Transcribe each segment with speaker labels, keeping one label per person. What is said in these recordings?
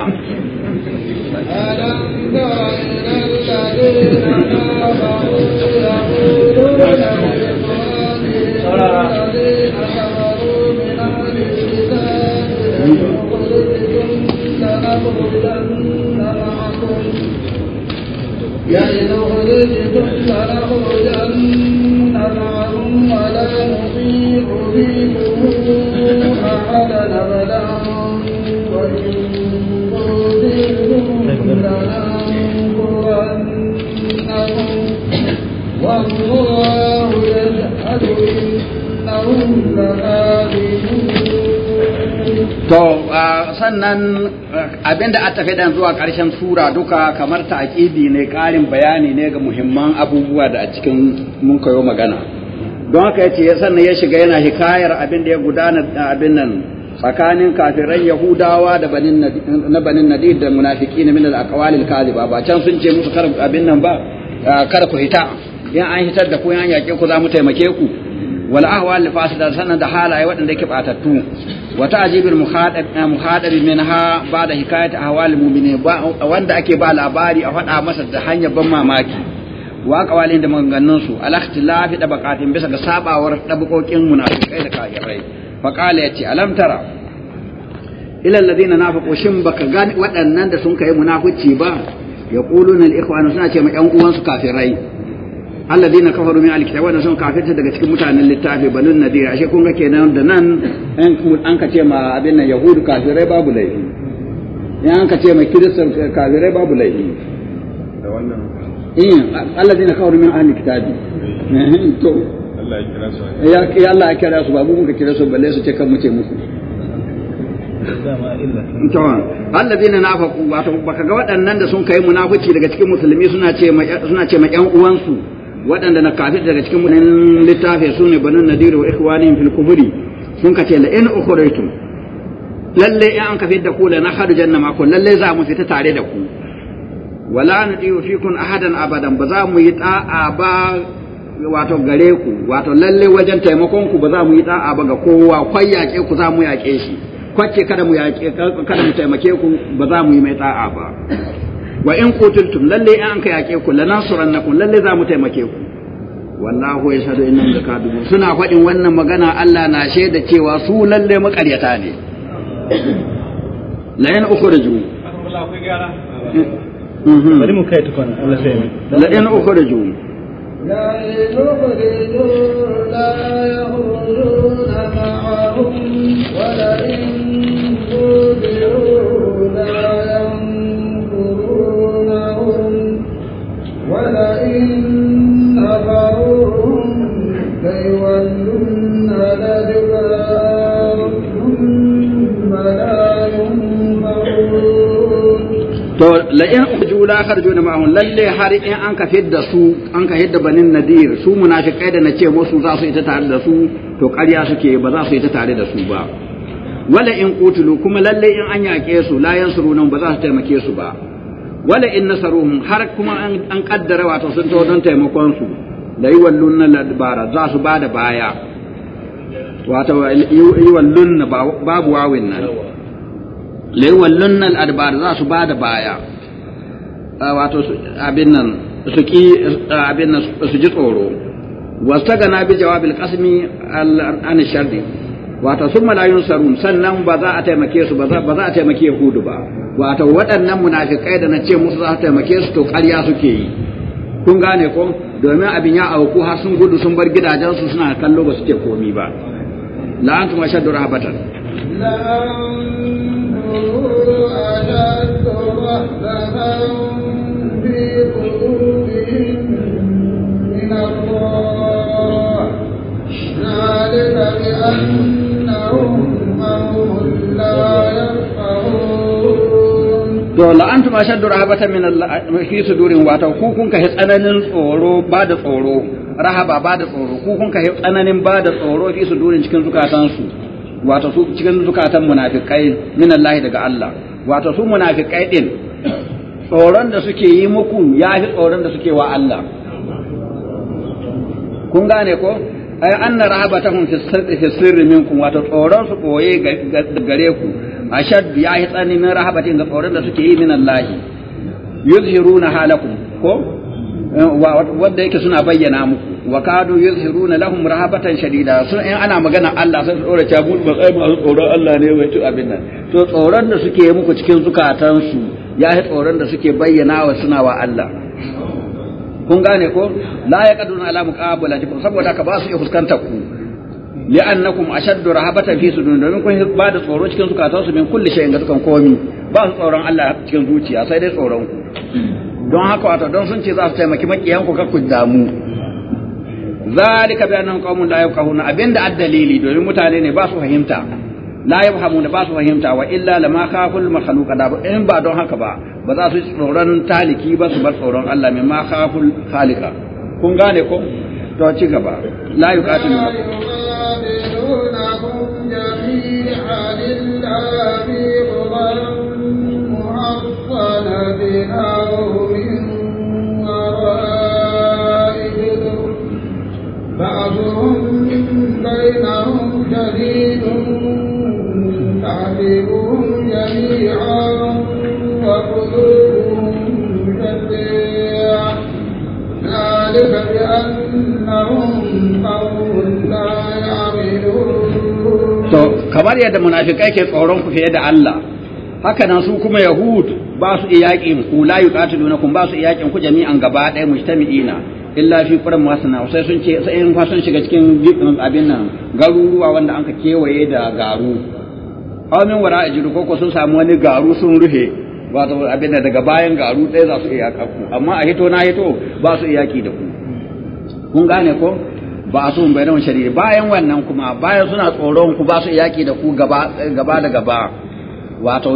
Speaker 1: يا إله الذي كنت له يا To,
Speaker 2: sannan abinda a tafi dan zuwa ƙarshen sura duka kamar ta'aƙidi ne ƙarin bayani ne ga muhimman abubuwa da a cikin mun kayo magana. Don haka ya ce sannan ya shiga yana hikayar abinda ya gudana abin nan tsakanin kafiran yahudawa da na banin nadir da munafiki na min al-aqwalil ba can sun ce musu kar abin nan ba kar ku hita in an hitar da ku in an yake ku za mu taimake ku wal ahwal fasida sanan da halaye waɗanda yake batattu wa ta'jibul muhadab muhadab minha ba'da hikayat ahwal mu'minin wanda ake ba labari a faɗa masa da hanyar ban mamaki wa qawalin da maganganun su al da bakatin bisa ga sabawar dabukokin munafikai da kafirai fa qala a alam ilal ladina nafaqu shin baka gani wadannan da sun kai munafici ba yaquluna al ikhwanu suna ce ma yan uwan su kafirai alladina kafaru min al kitab wa sun kafirta daga cikin mutanen littafi banun nadir ashe kun ga kenan da nan an an ka ce ma abin nan yahudu kafirai babu laifi in an ka ce ma kristan kafirai babu laifi da wannan in alladina kafaru min al alkitabi to Allah ya kira su ya Allah ya kira su babu mu ka kira su balle su ce kan mu ce musu to allazina nafaqu wato baka ga waɗannan da sun kai munafici daga cikin musulmi suna ce ma suna ce ma ƴan uwansu waɗanda na kafir daga cikin munin littafi sune banun nadiru wa ikhwanihim fil kufri sun kace la in ukhraytum lalle in an kafir da ku la nakhadu janna ma ku lalle za mu fita tare da ku wala nudiyu fikum ahadan abadan ba za mu yi ta'a ba wato gare ku wato lalle wajen taimakon ku ba za mu yi da'a ba ga kowa kwai yaƙe ku za mu yaƙe shi kwace kada mu yaƙe kada mu taimake ku ba za mu yi mai ta'a ba wa in qutiltum lalle in an ka yaƙe ku lanansurannakum lalle za mu taimake ku wallahu yashhadu innahum lakadibun suna faɗin wannan magana Allah na shaida cewa su lalle makaryata ne la in ukhriju mm-hmm. bari mu kai tukun Allah sai la yan ukhriju
Speaker 1: la yukhrijuna la yakhrujuna
Speaker 2: to la in ukhju la na ma'ahum lalle har in an ka fidda su an ka yadda banin nadir su munafiqai da nace musu za su ita tare da su to ƙarya suke ba za su ta tare da su ba wala in qutulu kuma lalle in an yaƙe su la nan ba za su taimake su ba wala in nasaruhum har kuma an kaddara wato sun to don taimakon su la yuwallunna ladbara za su bada baya wato yuwallunna babu wawin nan lewallun al'adbar za su ba da baya wato abin nan su ji tsoro wasta gana bi jawabil kasmi an Wata wato sun malayun sarun sannan ba za a taimake su ba za a taimake hudu ba wato waɗannan munafikai da na ce musu za su taimake su to ƙarya suke yi kun gane ko domin abin ya auku har sun gudu sun bar gidajen su suna kallo ba suke komi ba la'antum ashaddu rahbatan
Speaker 1: Dola
Speaker 3: dole an
Speaker 2: tuma shaddu rahabatan min Allah fi sudurin wato ku kun ka tsananin tsoro ba da tsoro rahaba ba da tsoro ku kun ka tsananin ba da tsoro fi sudurin cikin zukatansu wato su cikin zukatan munafikai min Allah daga Allah wato su munafikai din tsoron da suke yi muku ya fi tsoron da suke wa Allah kun gane ko ai anna rahabatahum fi sirri fi sirri minkum wato tsoron su koye gare ku ashad ya yi tsani min rahabatin ga tsoron da suke yi min Allah yuzhiruna halakum ko Eh, wanda yake suna bayyana muku wa kadu yuzhiruna lahum rahabatan shadida sun in ana magana Allah sai su dora ta mu ba sai masu tsoron Allah ne wai to abin nan to tsoron da suke yi muku cikin zukatan su ya yi tsoron da suke bayyana wa suna wa Allah kun gane ko la yaqaduna ala muqabalatikum saboda ka ba su iya fuskanta ku li'annakum ashaddu rahabatan fi sudur domin kun ba da tsoro cikin zukatan su min kulli shay'in ga dukan komi ba su tsoron Allah cikin zuciya sai dai tsoron
Speaker 3: ku
Speaker 2: don haka wato don sun ce za su taimaki makiyanku ku kakku damu zalika bi annahum qaumun la yafqahuna abinda addalili domin mutane ne ba su fahimta la yafhamuna ba su fahimta wa illa lama khaful makhluqa da in ba don haka ba ba za su tsoron taliki ba su bar tsoron Allah mai ma khaful khaliqa kun gane ko to ci gaba la yuqatilu
Speaker 1: جميعا بينهم شديد تعذبهم جميعا وقلوبهم ذلك بأنهم قوم لا
Speaker 2: to kamar yadda munafikai ke tsoron ku fiye da Allah haka nan su kuma yahud ba su iyakin ku la yuqatilunakum ba su iyakin ku jami'an gaba ɗaya mujtami'ina illa fi quran masana sai sun ce sai in fasan shiga cikin abin nan garuruwa wanda anka kewaye da garu amin wara ajiru ko sun samu wani garu sun rufe wato abin da daga bayan garu ɗaya za su iya kakku amma a hito na hito ba su iyaki da ku kun gane ko ba su bai da shari'a bayan wannan kuma bayan suna tsoron ku ba su iyaki da ku gaba gaba da gaba wato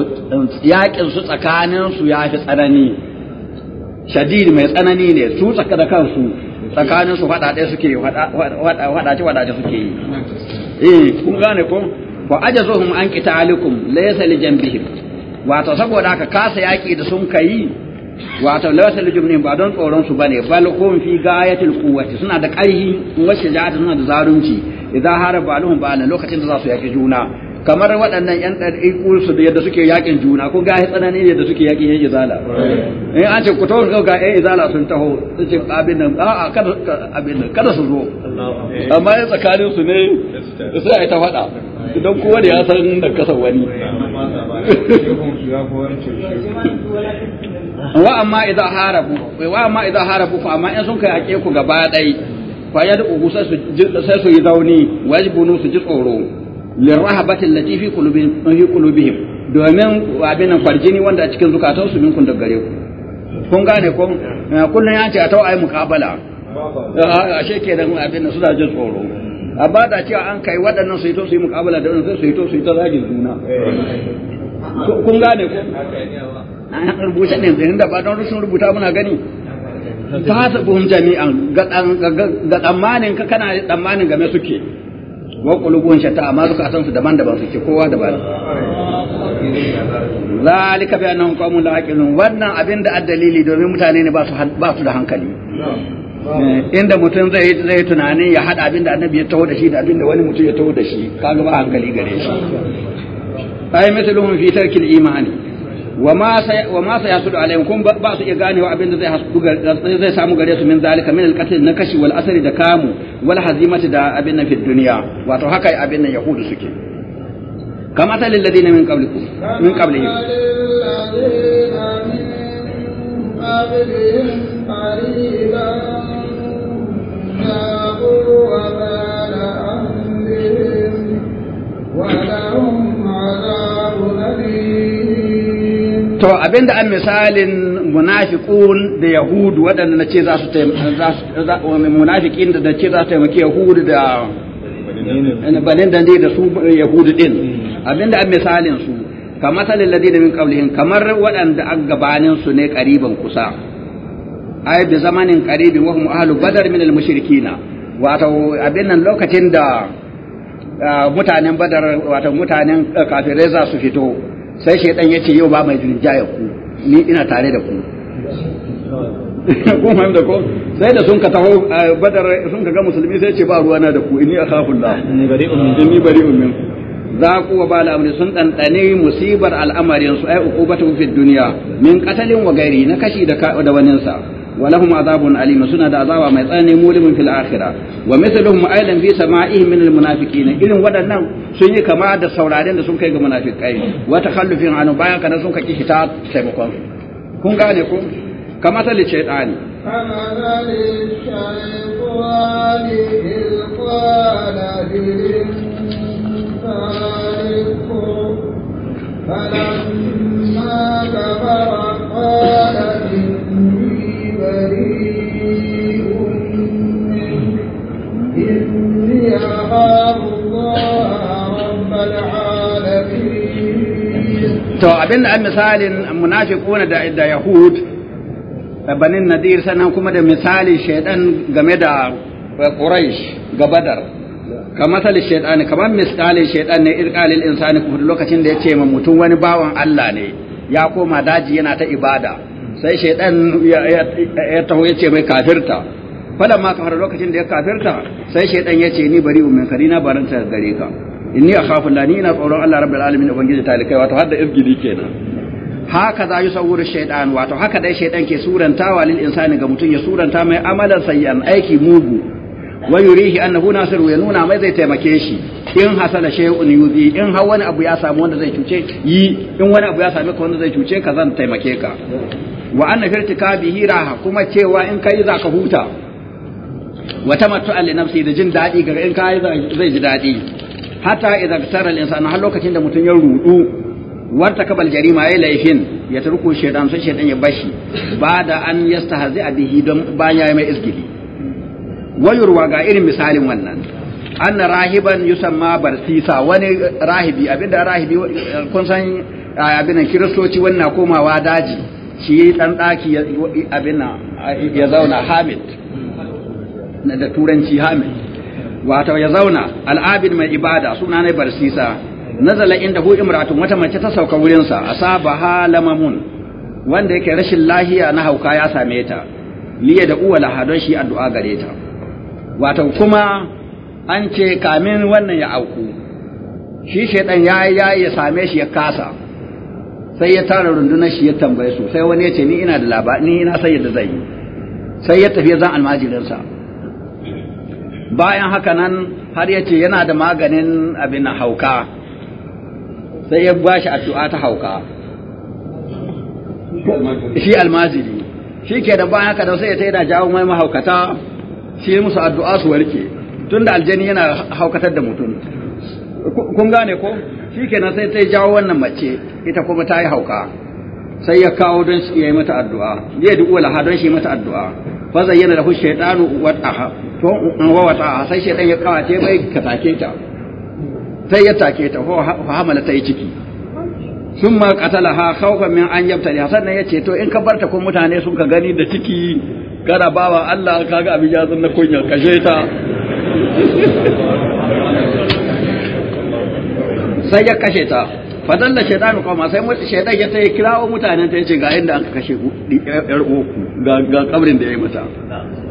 Speaker 2: yakin su tsakanin su ya fi tsanani shadid mai tsanani ne su tsaka da kansu tsakanin su fada suke fada ce suke yi eh kun gane ko fa ajazuhum an qitalikum laysa li janbihim wato saboda ka kasa yaki da sun kai wato laysa li jumnin ba don tsoron su bane bal fi gayatil quwwati suna da ƙarfi wacce ja'ata suna da zarunci idan ba lahum ba lokacin da za su yaki juna kamar waɗannan yan ɗariƙu su yadda suke yaƙin juna ko gaya tsanani yadda suke yaƙin, yan izala in eh, an ce ku taho ga yan izala sun taho su ce abin nan a kada abin nan kada su zo amma ya tsakanin su ne sai a yi ta faɗa don kowa da ya san da kasan wani wa amma idan harabu wa amma idan harabu fa amma yan sun kai ake ku gaba ɗai fa da sai su sai su yi zauni wajibu su ji tsoro lirrahabati allati fi qulubihim fi qulubihim domin abin farjini wanda a cikin zukatan su minkun daga gare ku kun gane ko kullun ya ce a tawai muqabala ke da abin da jin tsoro amma da cewa an kai waɗannan su yi to su yi muqabala da wannan su yi to su yi ta zagin juna kun gane ko an rubuta ne da ba don rushin rubuta muna gani ta ta buhun jami'an ga tsammanin ka kana tsammanin game suke wa qulubuhum shatta amma zukatan su daban-daban suke kowa daban zalika bi annahum qaumun la yaqilun wannan abin da addalili domin mutane ne ba su ba su da hankali eh, inda mutum zai zai tunanin ya hada abin da annabi ya taho da shi da abin da wani mutum ya taho da shi kaga ba hankali gare shi ai mithluhum fi tarkil imani wa ma sa yasudu alaihim kun ba su iya ganewa abin da zai zai samu gare su min zalika min alqatl na kashi wal da kamu wal hazimati da abin nan fi wato haka abin nan yahudu suke kama ta lilladina min qablikum min qablihim
Speaker 1: قبلهم قريبا
Speaker 2: to abinda an misalin munafiqun da yahudu waɗanda na ce za su munafiqin da ce za su taimaki yahudu da banin da da su eh, yahudu din mm. abinda an misalin su kamar masalin ladina min qablihim kamar waɗanda an gabanin su ne qariban kusa ay bi zamanin qaribi wa hum ahlu badar min al mushrikina wato abin nan lokacin da ah, mutanen badar wato mutanen eh, kafirai za su fito sai shaidan ya ce yau ba mai rinjaya ku ni ina tare da ku ko mai da ko sai da sun ka taho badar sun ka ga musulmi sai ce ba ruwa na da ku inni akhafullah inni bari'un min inni bari'un min za ku wa bala amri sun dandane musibar al'amarin su ai uqubatu fid dunya min qatalin wa gairi na kashi da da sa. ولهم عذاب أليم سنة عذاب ما يتأني مولم في الآخرة ومثلهم أيضا في سمائهم من المنافقين إذن ودنا سنة كما عد السولارين سنك المنافقين وتخلف عنه بايا كان سنك كشتات سيبقون كن قال يكون كما تل الشيطان
Speaker 1: فمثل الشيطان إذ قال للإنسان فلما كبر قال
Speaker 2: To abin da an misalin munafiqun da da yahud banin nadir sannan kuma da misalin shaydan game da eh, quraish ga badar ka misali shaydan kamar misalin shaydan ne irqalil insani kuma lokacin da yace ma mutum wani bawan Allah ne ya koma daji yana ta ibada sai shaydan ya taho yace mai kafirta falan ma kafar lokacin da ya kafirta sai shaidan ya ce ni bari umin kari na baranta gare ka inni akhafu la ni ina tsoron Allah rabbul alamin ubangiji talikai wato hadda ibgidi kenan haka za yi saurin shaidan wato haka dai shaidan ke suranta lil insani ga mutum ya suranta mai amalan sayyan aiki mugu wa yurihi annahu nasiru ya nuna mai zai taimake shi in hasala shay'un yuzi in har wani abu ya samu wanda zai cuce yi in wani abu ya same ka wanda zai cuce ka zan taimake ka wa anna firtikabihi raha kuma cewa in kai za ka huta Wata matu'a li nafsi da jin dadi ga in kai zai ji dadi hatta idan tsara al insanu har lokacin da mutum ya rudu warta kabal jarima yi laifin ya tarko shedan sai shedan ya bashi ba da an yastahazi bihi don baya mai izgili wayurwa ga irin misalin wannan an rahiban yusamma barsisa wani rahibi abinda rahibi kun san abin kiristoci wannan komawa daji shi dan daki abin ya zauna hamid da turanci hamil wato ya zauna al'abin mai ibada suna na barsisa nazala inda hu imratun wata mace ta sauka wurinsa asaba halamamun wanda yake rashin lahiya na hauka ya same ta liya da uwa lahadon shi addu'a gare ta wato kuma an ce kamin wannan ya auku shi shaidan ya ya ya same shi ya kasa sai ya tara rundunar shi ya tambaye su sai wani ya ce ni ina da labari ni ina sai yadda zai sai ya tafi zan almajirinsa bayan haka nan har ya ce yana da maganin abin hauka sai ya ba shi addu'a ta hauka shi almaziri shi ke da bayan haka da sai ya ta da jawo mai mahaukata shi musu addu'a su warke tun da aljani yana haukatar da mutum kun gane ko shi ke sai ta jawo wannan mace ita kuma ta yi hauka sai ya kawo don shi ya yi mata addu'a ya yi duk wala don shi mata addu'a fa zayyana lahu shaytanu wad'aha ko wawata sai shedan ya kawace mai ka take ta sai ya take ta ko hamala ta yi ciki sun ma katala ha khawfan min an yabtali sannan ya ce to in ka barta ko mutane sun ka gani da ciki kana bawa Allah kaga abin ya zanna kunya ka ta sai ya kashe ta fadalla shaytanu kuma sai mutu shaytan ya tayi kirawo mutanen ta ce ga inda aka kashe ku yar uku ga ga kabrin da yayi mata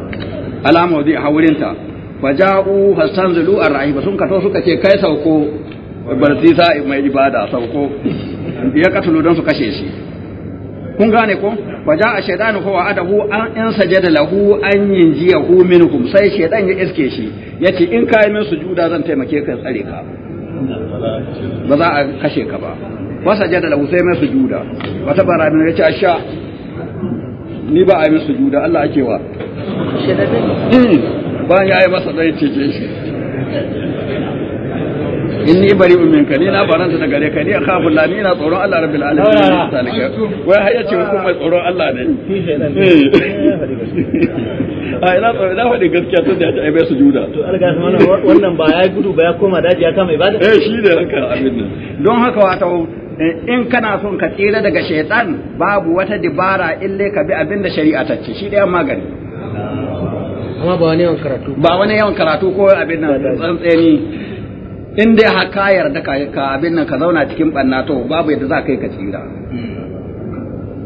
Speaker 2: alama zai a wurinta fa ja'u a ar-rahiba sun kato suka ce kai sauko barzisa mai ibada sauko ya katulu don su kashe shi kun gane ko fa ja'a shaytanu fa wa'adahu an in sajada lahu an yinjiyahu minkum sai shaytan ya iske shi yace in kai min sujuda zan taimake ka tsare ka ba za a kashe ka ba wa sajada lahu sai mai sujuda wata ya min a asha ni ba a yi sujuda Allah ake wa
Speaker 3: Hmm.
Speaker 2: bayan ya yi masa ɗaya cece shi in ni bari min minka ni na baranta da gare ka ni akhafu la ni na tsoron Allah rabbil alamin wai har yace ko mai tsoron Allah ne eh. eh, a ah, ina tsoro ina faɗi gaskiya tun da ya ai bai juda to alga wannan ba ya gudu ba ya koma daji ya kama ibada eh shi ne haka abin nan don haka wato eh, in kana son ka tsira daga shaitan babu wata dibara ille ka bi abin da shari'a ta ce shi da magani amma ba wani yawan karatu ba wani yawan karatu ko abin nan tsantseni in dai har ka yarda ka ka abin nan ka zauna cikin banna to babu yadda za ka yi ka tsira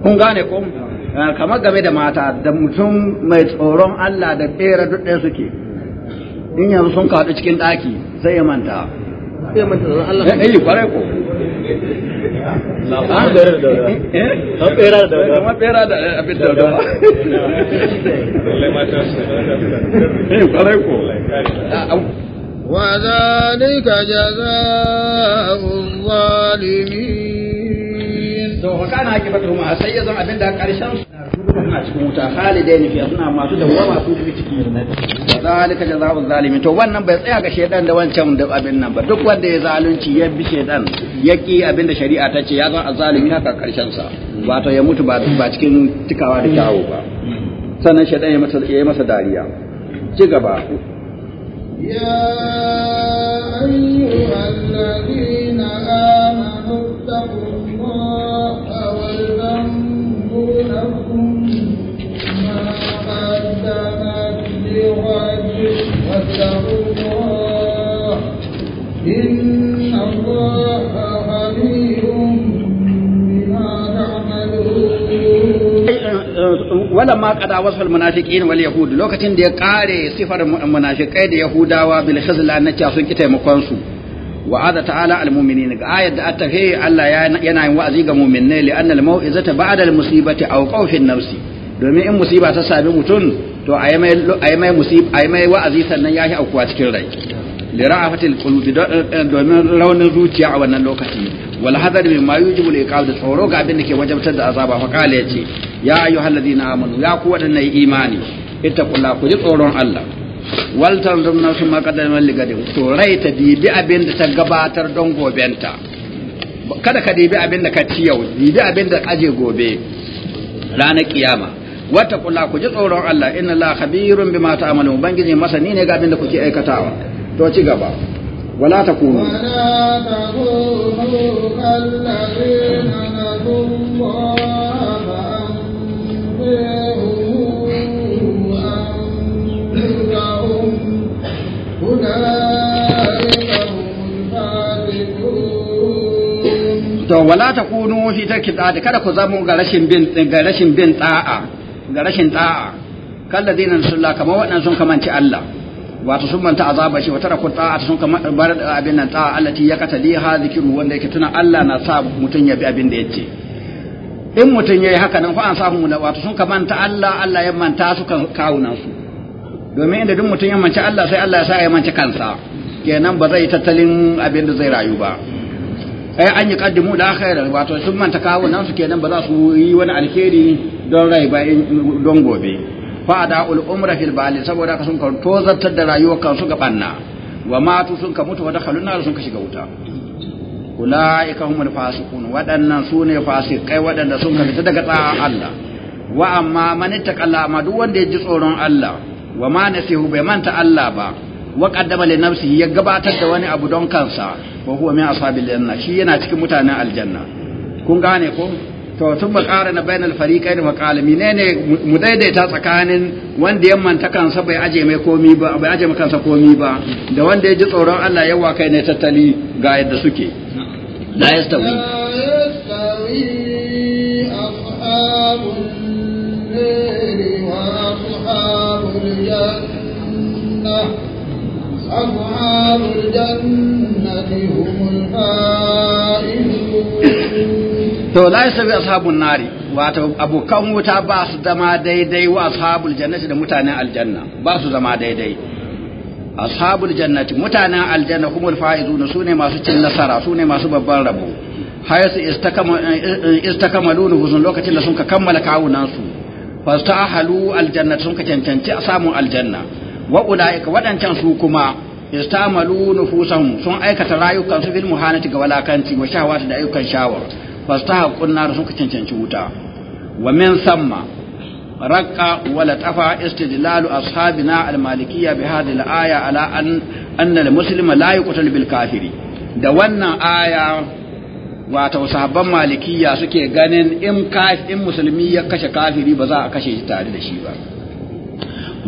Speaker 2: kun gane ko hmm. eh, kamar game da mata da mutum mai tsoron Allah da tsere duk ɗaya suke in yanzu sun kaɗu cikin ɗaki sai ya manta sai ya manta Allah ya eh, yi eh, kware
Speaker 3: ko وذلك
Speaker 1: جزاء الظالمين. Sai yă zama abin da
Speaker 2: ƙarshen su. suna cikin wuta khalidain fiha suna masu dawama su cikin ciki zalika jazaa'u zalimin to wannan bai tsaya ga shedan da wancan da abin nan ba duk wanda ya zalunci ya bi shedan ya abin da shari'a ta ce ya zan azalimi haka karshen sa wato ya mutu ba cikin tikawa da kyawu ba sannan shedan ya masa ya masa dariya ci gaba
Speaker 1: ya
Speaker 2: wala ma qada wasfal munafiqin wal yahud lokacin da ya kare sifar munafiqai da yahudawa bil khizla na cewa sun ki taimakon su wa'ada ta'ala al mu'minin ga ayat da attafe Allah yana yin wa'azi ga mu'minai li anna al ba da al musibati aw khawfin nafsi domin in musiba ta sami mutum to a yi mai wa'azi sannan ya yi aukuwa cikin rai li ra'afatil qulubi eh, domin raunin zuciya a wannan lokaci wal hadar mimma yujibu al iqab da tsoro ga abin da ke wajabtar da azaba fa ya yace ya ayyuhal na amanu ya ku wadannan imani kula ku ji tsoron Allah wal tanzum nafsu ma qaddamat li gadi to rai ta dibi abin da ta gabatar don gobenta kada ka dibi abin da ka ci yau dibi abin da aje gobe ranar kiyama wata kula ku ji tsoron Allah inna la khabirun bima ta'malu masa ni ne ga abin da kuke aikatawa to ci gaba wala ta kunu. to wala ta kunu ta tarki da kada ku zamo ga rashin bin ga rashin bin ta'a ga rashin ta'a dina rasulullah kamar waɗannan sun kamanci Allah wato sun manta azaba shi wata rakun ta'a sun kama bar abin nan ta'a Allah ya katali ha zikiru wanda yake tuna Allah na sa mutun ya bi abin da yace in mutum ya yi haka nan fa an samu wato sun kamanta Allah Allah ya manta su kan kawunan su domin inda duk mutum ya manci Allah sai Allah ya sa ya manci kansa kenan ba zai tattalin abin da zai rayu ba ai eh, an yi kaddimu da akhira wato sun manta kawunan su kenan ba za su yi wani alheri don rai ba don gobe fa ul umra fil bali saboda ka sun kan tozartar da rayuwar kansu ga banna wa matu sun ka mutu wa dakhaluna sun ka shiga wuta ula'ika humul fasiqun waɗannan su ne fasikai waɗanda sun ka fita daga tsara Allah wa amma man ittaqalla ma duk wanda ya ji tsoron Allah wa ma nasihu bai manta Allah ba wa qaddama li nafsihi ya gabatar da wani abu don kansa wa huwa min ashabil janna shi yana cikin mutanen aljanna kun gane ko to sun ƙara na bainal kai da makalami ne ne mu daidaita tsakanin wanda ya manta kansa bai aje mai komi ba bai aje kansa komi ba da wanda ya ji tsoron Allah yawa kai ne tattali ga yadda suke la yastawi
Speaker 1: أصحاب الجنة
Speaker 2: to lai sabi ashabun nari wato abokan wuta ba su zama daidai wa ashabul jannati da mutanen aljanna ba su zama daidai ashabul jannati mutanen aljanna kuma faizuna sune masu cin nasara sune masu babban rabo har su istakamalu huzun lokacin da sun ka kammala kawunan su ahalu aljanna sun ka cancanci a samun aljanna wa ulaika wadancan su kuma istamalu nufusan sun aikata rayukan su bil muhanati ga walakanci wa shahawati da ayukan shawar fastahaqqun nar suka cancanci wuta wa min samma raqqa wa latafa istidlalu ashabina al-malikiyya bi hadhihi al-aya ala an anna al-muslima la yuqtalu bil kafiri da wannan aya wato sahabban malikiyya suke ganin in in musulmi ya kashe kafiri ba za a kashe shi tare da shi ba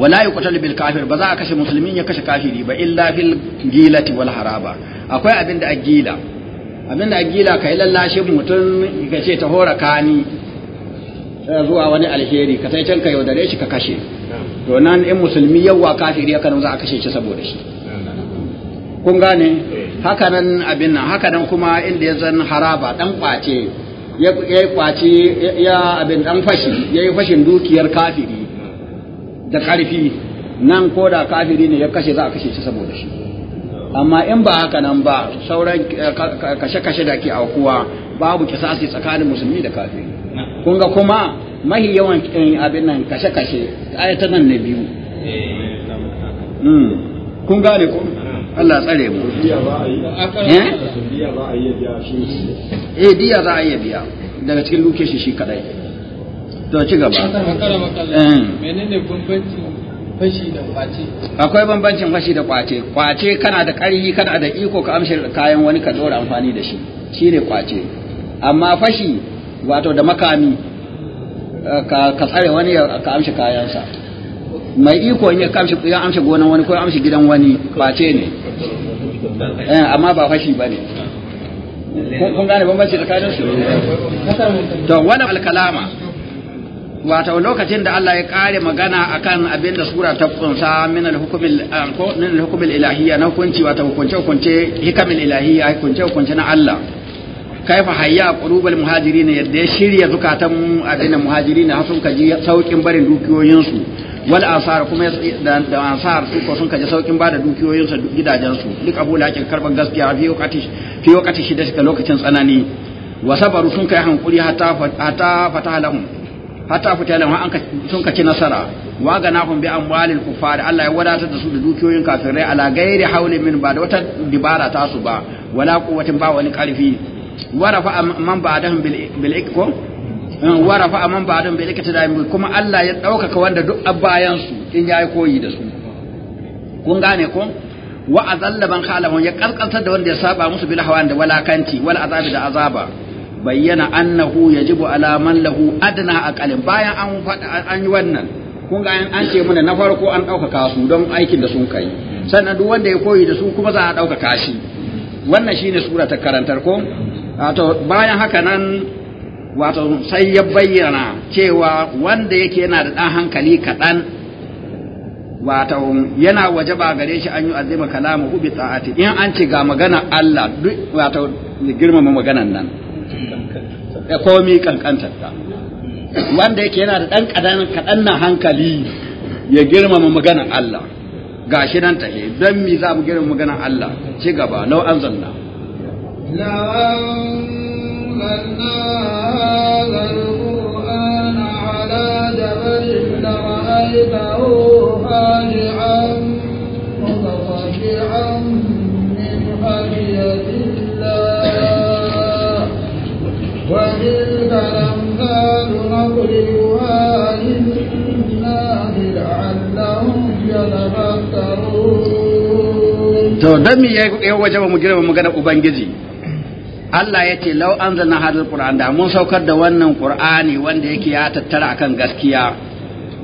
Speaker 2: wala yuqtalu bil kafir ba za a kashe musulmi ya kashe kafiri ba illa fil gilati wal haraba akwai abin da a gila abinda a gila ka yi lallashin mutum ga ce ta hora kani zuwa wani alheri ka sai can ka yaudare shi ka kashe to nan in musulmi yawa kafiri yakan za a kashe shi saboda shi kun gane hakanan abin nan hakanan kuma inda ya zan haraba dan kwace ya kwace ya abin dan fashi ya yi fashin dukiyar kafiri da karfi nan ko da kafiri ne ya kashe za a kashe shi saboda shi amma in ba haka nan ba sauran eh, kashe-kashe da ke aukuwa babu kisasi tsakanin musulmi da kafin. kun ga kuma mahi yawan eh, abin nan kashe-kashe ayyata nan na biyu hmm. kun gane ku Allah tsare mu eh? eh diya za a iya biya daga cikin luke shi shi kadai to ci gaba menene bambancin fashi da kwace akwai bambancin fashi da kwace kwace kana da ƙarfi kana da iko ka amshi kayan wani ka dora amfani da shi Shi ne kwace amma fashi wato da makami eh, ka tsare wani ka amshi kayansa mai iko in ya kamshi ya amshi gonan wani ko ya amshi gidan wani kwace ne eh, amma ba fashi bane kun gane bambanci tsakanin su to wani alkalama wato lokacin da Allah ya kare magana akan abin da sura ta kunsa min al-hukumil eh, ko min al-hukumil ilahiyya na hukunci wato hukunce hukunce hikamin ilahiyya hukunce hukunce na Allah kaifa hayya qulubal muhajirin yadda ya shirya zakatan adina muhajirin har sun kaji saukin barin dukiyoyin su wal asar kuma da ansar su ko sun kaji saukin bada dukiyoyin su gidajen su duk abu lakin karban gaskiya fi wakati fi wakati shi da lokacin tsanani wa sabaru sun kai hankuri hatta hatta fataha lahum hatta fita lan an sun ka ci nasara wa ganahum bi amwalil kufar Allah ya wadatar da su da dukiyoyin kafirai ala gairi haulin min ba da wata dibara ta su ba wala quwwatin ba wani karfi warafa man ba'dahum bil bil ikko hmm, warafa man ba'dahum bil ikko kuma Allah ya dauka wanda duk abayan su in yayi koyi da su kun gane ko wa azalla ban khalahum ya kalkaltar da wanda ya saba musu bil hawan da walakanti wal azabi da azaba bayyana annahu yajibu ala man lahu adna aqalin bayan an an yi wannan kun ga an ce mana na farko an ɗaukaka su don aikin da sun kai sannan duk wanda ya koyi da su kuma za a ɗaukaka shi wannan shine sura ta karantar ko wato bayan haka nan wato sai ya bayyana cewa wanda yake yana da ɗan hankali kaɗan wato yana waje ba gare shi an yi azima kalamu bi ta'ati in an ce ga magana Allah duk wato girmama maganan nan komi kankantarta wanda yake yana da ɗan kaɗan na hankali ya girmama maganar Allah gashi nan tahe don mi za mu girmama maganar Allah ci gaba lau an zanna
Speaker 1: على جبل لرأيته خاشعا وأقربها للناس لعلهم يتفكرون to
Speaker 2: dan me ya wajaba mu girma magana ubangiji Allah ya ce lau an zana hadar Qur'an da mun saukar da wannan Qur'ani wanda yake ya tattara akan gaskiya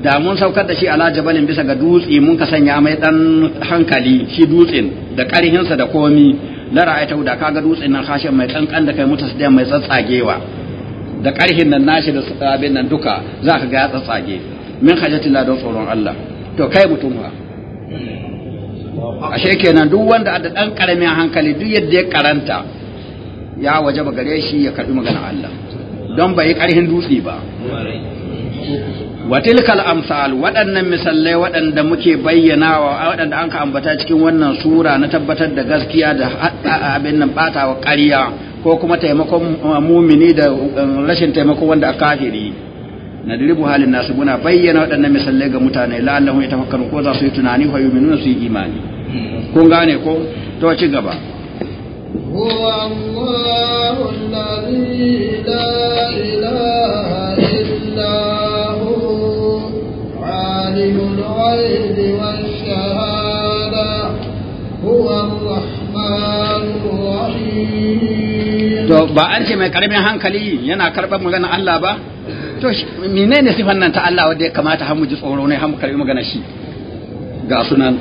Speaker 2: da mun saukar da shi ala jabalin bisa ga dutse mun ka sanya mai dan hankali shi dutsen da ƙarhinsa da komi la ra'ayta da kaga dutsen nan hashin mai ƙan da kai mutasdiya mai tsatsagewa da ƙarhin nan nashi da sabbin nan duka za ka ga ya tsatsage min hajjati la don tsoron Allah to kai mutum ba ashe kenan duk wanda da dan karamin hankali duk yadda ya karanta ya waje ba gare shi ya karbi magana Allah don bai ƙarhin dutse ba watilkal amsal waɗannan misallai, waɗanda muke bayyanawa waɗanda an ka ambata cikin wannan sura na tabbatar da gaskiya da abin nan wa ƙarya ko kuma taimakon uh, mumini da um, rashin taimako wanda a kafiri na diribu halin nasu buna bayyana waɗannan misalai ga mutane la'allahu ya tafakkaru ko za su yi tunani ko yi minuna su yi imani kun gane ko to ci gaba to ba an ce mai karamin hankali yana karɓar magana Allah ba to menene sifan nan ta Allah wanda ya kamata har mu ji tsoro ne har mu karbi magana shi ga sunan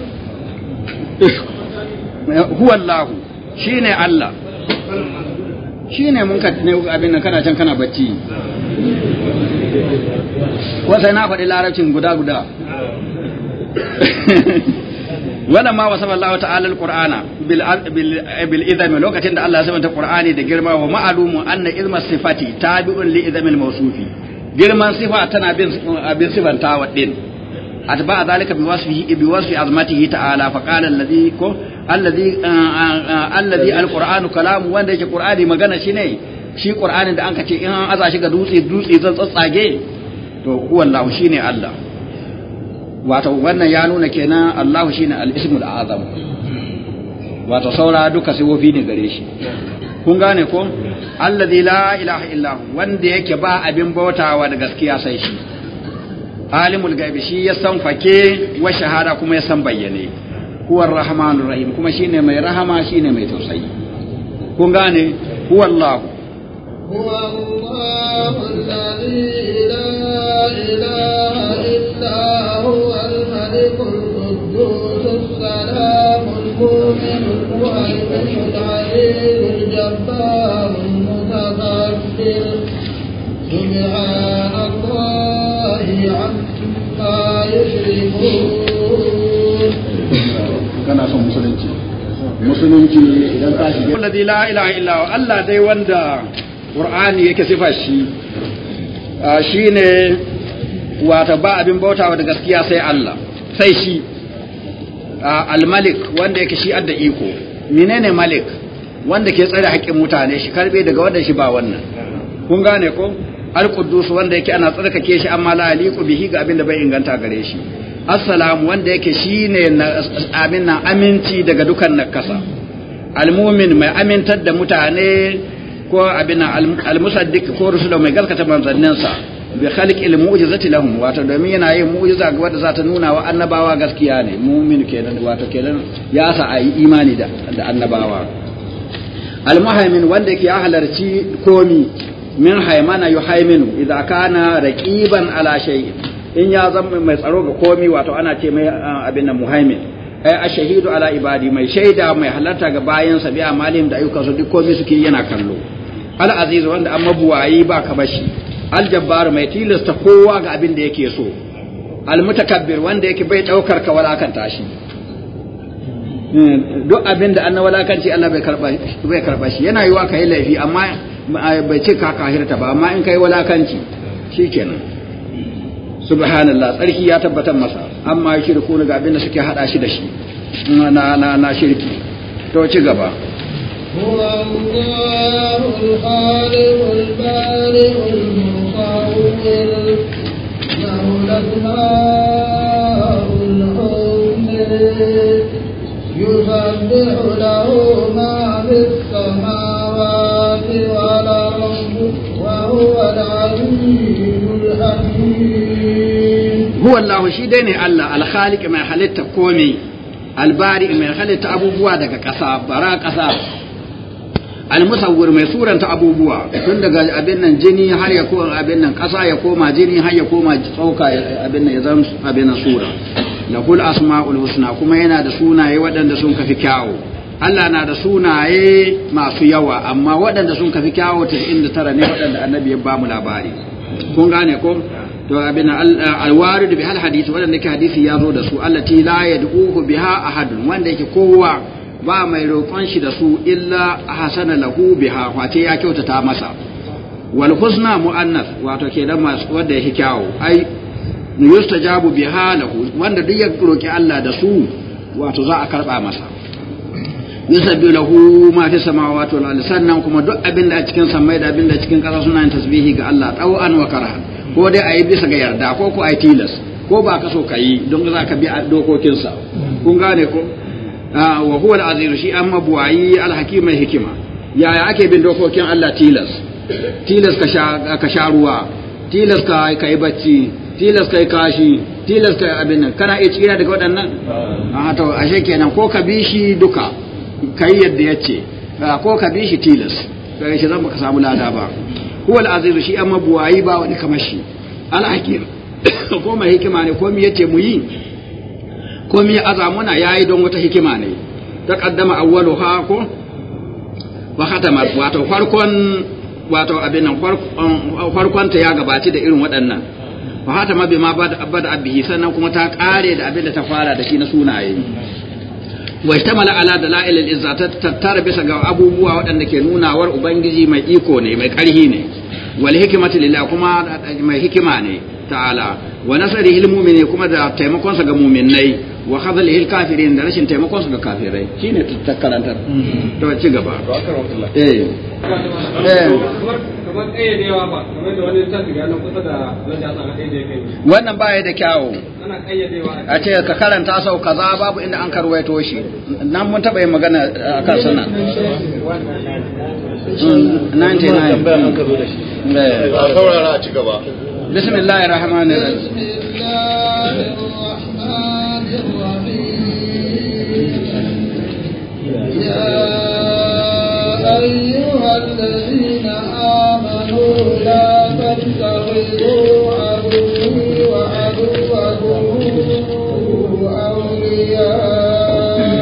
Speaker 2: huwallahu shine Allah shine mun ka ne abin nan kana can kana bacci wasa na faɗi larabcin guda guda wannan ma wasa Allah ta'ala al-Qur'ana bil bil eh, idham lokacin da Allah ya sabanta Qur'ani da girma wa ma'lumun anna idhma sifati tabi'un li idham al-mawsufi girman sifa tana bin abin sifanta wa din atba zalika bi wasfihi bi wasfi azmatihi ta'ala fa qala alladhi ko alladhi eh, eh, alladhi al-Qur'anu kalamu wanda yake Qur'ani magana shine shi Qur'anin da anka ce in an aza shi ga dutse dutse zan tsatsage to huwallahu shine Allah wato wannan ya nuna kenan Allahu shi al-ismul azam wato saura duka sifofi ne gare shi kun gane ko allazi la ilaha illa wanda yake ba abin bautawa da gaskiya sai shi alimul gaibi shi ya san fake wa shahada kuma ya san bayyane huwar rahmanur rahim kuma shi ne mai rahama shi ne mai tausayi kun gane huwa allah la ilaha
Speaker 1: illa عليكم السلام المؤمن المهيمن الجبار سبحان الله عما يشركون
Speaker 2: musulunci idan ka la ilaha illa Allah dai wanda qur'ani yake sifa shi ah, shine wata ba abin bautawa da gaskiya sai Allah sai shi al-malik wanda yake shi adda iko menene malik wanda ke tsare haƙin mutane shi karbe daga wanda shi ba wannan kun gane ko al-quddus wanda yake ana tsarkake shi amma la aliqu bihi ga abin da bai inganta gare shi assalam wanda yake shine amin aminci daga dukan nakasa al-mu'min mai amintar da mutane ko abin al-musaddiq ko rusulu mai galkata manzanninsa bi khalqil mu'jizati lahum wato domin yana yin mu'jiza ga wanda za nuna wa annabawa gaskiya ne mu'min kenan wato kenan ya sa ayi imani da annabawa almuhaimin wanda yake halarci komi min haymana yuhaiminu idza kana raqiban ala shay'in in ya zama mai tsaro ga komi wato ana ce mai abin nan muhaimin ai shahidu ala ibadi mai shaida mai halarta ga bayansa bi amalin da su duk komi suke yana kallo al aziz wanda an buwayi ba ka bashi aljabbar mai tilasta kowa ga abin da yake so almutakabbir wanda yake bai daukar ka walakanta shi hmm, duk abin da annabi walakanci Allah bai karba bai karba shi yana yiwa kai laifi amma bai ce ka kahirta ba amma in kai walakanci shikenan subhanallah tsarki ya tabbatar masa amma yake da ga abin da suke hada shi da shi na na na shirki to ci gaba
Speaker 1: هو الله الخالق البارئ المصور له الأسماء الحسنى يسبح له ما في السماوات والأرض وهو العزيز الحكيم
Speaker 2: هو الله شيدني الله الخالق ما حلت كومي albari mai halitta abubuwa daga ƙasa bara ƙasa almusawwir mai suranta abubuwa tun daga abin nan jini har ya koma abin nan kasa ya koma jini har ya koma tsoka abin nan ya zama abin nan sura lahul asma'ul husna kuma yana da sunaye waɗanda sun kafi kyawu Allah na da sunaye masu yawa amma waɗanda sun kafi inda 99 ne waɗanda annabi ya bamu labari kun gane ko to abin alwarid bi hal hadisi waɗanda ke hadisi ya zo da su allati la yad'uhu biha ahadun wanda yake kowa ba mai roƙon shi da su illa hasana lahu biha wace ya kyautata masa wal husna muannas wato kenan masu wanda yake kyawu ai yustajabu biha lahu wanda duk ya roki Allah da su wato za a karba masa yusabbihu lahu ma fi samawati wal ardi sannan kuma duk abin da a cikin samai da abin da cikin ƙasa suna yin tasbihi ga Allah taw'an wa karahan ko dai ayi bisa ga yarda ko ko ayi tilas ko ba ka so kayi don za ka bi dokokinsa kun gane ko wa huwa al-aziz shi amma buwayi al-hakim mai hikima yaya ake bin dokokin Allah tilas tilas ka sha ruwa tilas ka kai bacci tilas kai kashi tilas kai abin nan kana iya tsira daga waɗannan a to ashe kenan ko ka bi shi duka kai yadda yace ko ka bi shi tilas kai shi zan baka samu lada ba huwa al-aziz shi amma buwayi ba wani kamar shi al-hakim ko mai hikima ne ko mi yace mu yi komi ya azamuna ya yi don wata hikima ne ta kaddama awwalu ha wa khatama wato farkon wato abin farkon ta ya gabaci da irin waɗannan wa khatama bi ma bada abihi sannan kuma ta kare da abin da ta fara da shi na sunaye wa istamala ala dalail al-izza tattara bisa ga abubuwa waɗanda ke nuna nunawar ubangiji mai iko ne mai ƙarfi ne wal hikmatu lillah kuma mai hikima ne ta'ala wa nasarihi lil mu'mini kuma da taimakon sa ga mu'minnai wa khadhalil kafirin da rashin taimakon su ga kafirai shine ta karantar to ci gaba eh eh wannan baya da kyawo a ce ka karanta sau kaza babu inda an karwaito shi nan mun taɓa yin magana a kan suna
Speaker 3: 99
Speaker 2: bismillahir rahmanir rahim
Speaker 1: أيها الذين آمنوا لا تتخذوا عدوي وعدوكم أولياء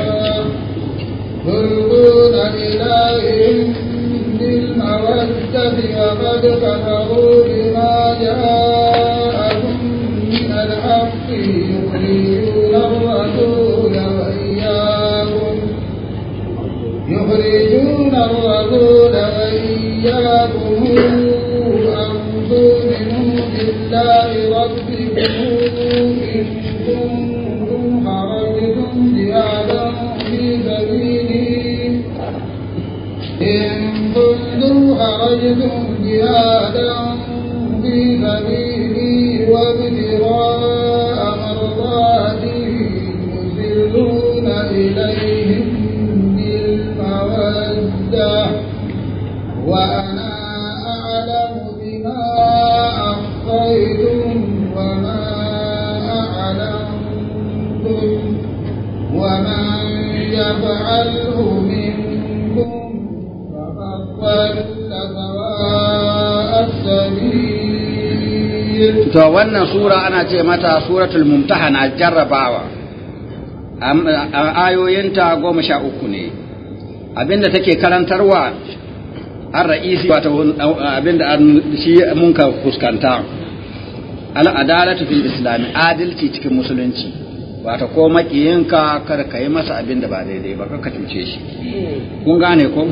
Speaker 1: تلقون إليهم بالمودة وقد كفروا بما جاءكم من الحق يخرجون تخرجون الرسول وإياكم أن تؤمنوا بالله ربكم
Speaker 2: ce mata suratul mumtahana jarrabawa ayoyinta goma sha uku ne abinda take karantarwa an ra'isi wata abinda shi mun ka fuskanta al'adalatu fil islami adalci cikin musulunci wata ko makiyinka kar ka yi masa abinda ba daidai ba ka cuce shi kun gane ko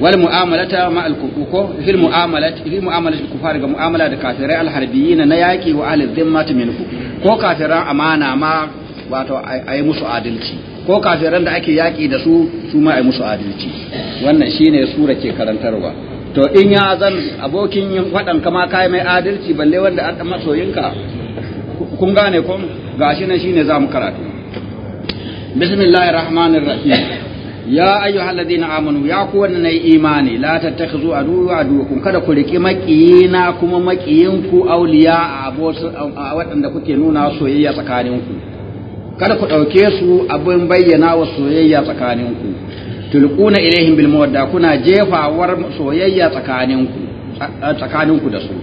Speaker 2: wal mu'amalata ma al ko, fil mu'amalat fil mu'amalat kufar ga mu'amala da kafirai al harbiyina na yaki wa al zimmat minhu ko kafiran amana ma wato ayi musu adalci ko kafiran da ake yaki da su su ma ayi musu adalci wannan shine sura ke karantarwa to in ya zan abokin yin fadan kama kai mai adalci balle wanda an masoyinka kun gane ko gashi nan shine zamu karatu bismillahir rahmanir rahim ya ayyuhal na amanu ya ku wannan nayi imani la tattakhuzu aduwa aduwakum kada ku riki makiyina kuma makiyinku awliya a waɗanda kuke nuna soyayya tsakaninku kada ku ɗauke su abin bayyana wa soyayya tsakaninku tulquna ilaihim bil mawadda kuna jefawar soyayya tsakaninku tsakaninku da su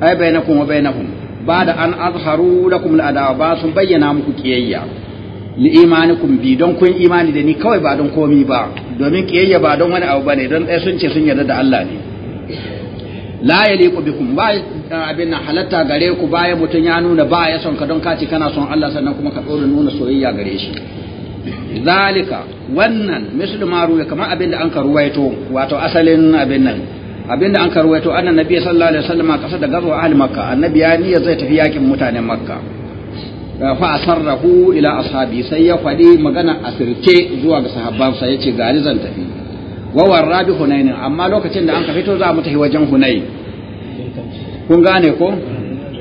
Speaker 2: ai bainakum wa bainahum ba da an azharu lakum al ba sun bayyana muku kiyayya li imanikum bi don kun imani da ni kawai ba don komi ba domin kiyayya ba don wani abu bane don ɗaya sun ce sun yarda da Allah ne la yaliqu bikum ba eh, abin nan halatta gare ku baya mutun ya nuna ba ya son ka don kaci kana son Allah sannan kuma ka dora nuna soyayya gare shi zalika wannan mislu ma ruwa kamar abin da an ka ruwaito wato asalin abin nan abin da an ka ruwaito annabi sallallahu alaihi wasallam kasa da gazo ahli makka annabi ya niyya zai tafi yakin mutanen makka Eh, fa sarrahu ila ashabi sai ya faɗi magana asirce zuwa ga sahabbansa ce gari zan tafi wa Rabi hunain amma lokacin da an ka fito za mu tafi wajen hunain kun gane ko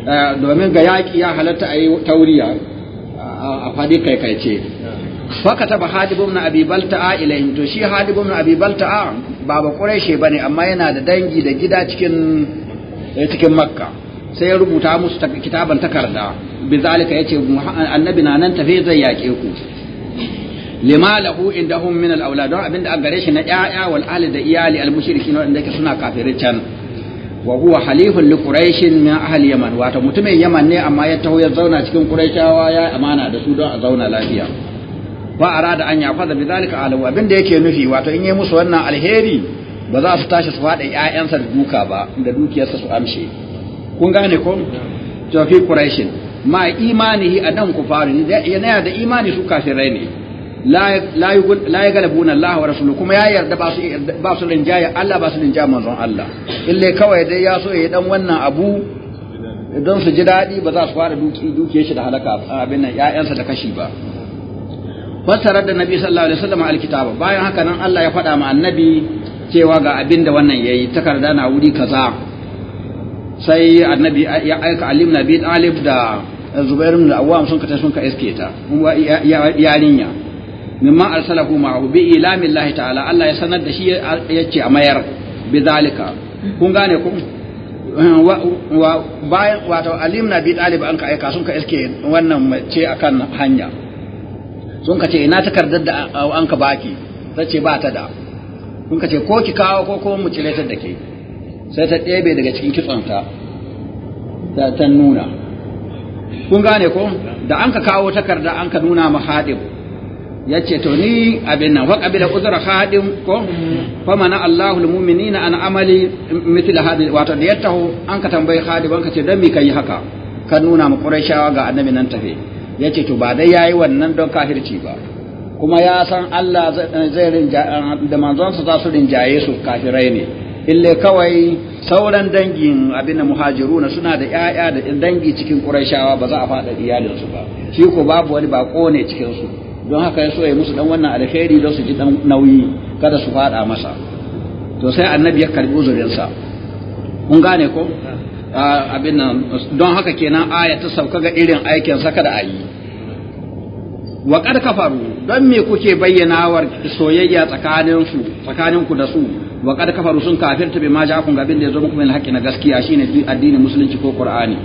Speaker 2: eh, domin ga yaƙi ya halatta a yi tauriya a faɗi kaikaice faka taba hadibu na abi balta'a ilayhim to shi hadibu na abi balta'a ba ba quraishi bane amma yana da dangi da gida cikin eh, cikin makka sai ya rubuta musu kitaban takarda bizalika yace annabi na nan tafe zai yake ku lima lahu indahum min al-awlad don abinda a gare shi na ƴaƴa wal ahli da iyali al wanda yake suna kafirin can wa huwa halifun li quraish min ahli yaman wato mutumin yaman ne amma ya taho ya zauna cikin quraishawa ya amana da su don a zauna lafiya fa arada an yafaza bizalika wa abinda yake nufi wato in yayi musu wannan alheri ba za su tashi su faɗa ƴaƴansa da duka ba da dukiyarsa su amshe kun gane ko to fi quraishin ma imanihi adan kufarin yana da imani su kafirai ne la la galabuna Allah wa rasuluhu. kuma ya yarda ba su linjaya Allah ba su linjaya manzon Allah illai kawai dai ya so ya dan wannan abu don su ji daɗi ba za su fara duke shi da halaka abin nan ƴaƴansa da kashi ba fassarar da nabi sallallahu alaihi wasallam alkitaba bayan haka nan Allah ya faɗa ma annabi cewa ga abin da wannan yayi takarda na wuri kaza sai annabi ya aika alim na bi talib da zubairu da awam sun kata sun ka iske ta yarinya mimma arsalahu ma bi ilami allah ta'ala allah ya sanar da shi yace a mayar bi zalika kun gane ku wa bayan wato alim na bi talib an ka aika sun ka iske wannan ce akan hanya sun ka ce ina takardar da an ka baki ta ce ba ta da sun ka ce ko ki kawo ko ko mu cire ta da ke sai ta ɗebe daga cikin kitsonta ta ta nuna kun gane ko da an ka kawo takarda an ka nuna ma haɗin. ya ce to ni abin nan wa ƙabila uzra haɗin ko mm. fa mana Allahu lumumini na an amali mithla haɗin wato da ya taho an ka tambayi haɗin an ka ce mi ka yi haka Ka nuna ma shawa ga annabi nan tafe ya ce to ba dai yi wannan don kafirci ba kuma ya san Allah zai da manzonsa za su rinjaye su kafirai ne ille kawai sauran dangin abin da muhajiruna suna da ‘ya'ya da dangi cikin ƙurashawa ba za a faɗa iyalinsu ba shi ko babu wani bako ne cikinsu don haka ya so ya musu dan wannan alheri don su ji dan nauyi kada su faɗa masa to sai annabi ya karbi sa kun gane ko abin nan don haka kenan aya ta sauka ga irin aikin sa kada a yi wa kad kafaru don me kuke bayyanawar soyayya tsakanin su tsakanin ku da su waƙar kad kafaru sun kafirta bima ja'akum gabin da yazo muku min haqqi na gaskiya shine addinin musulunci ko qur'ani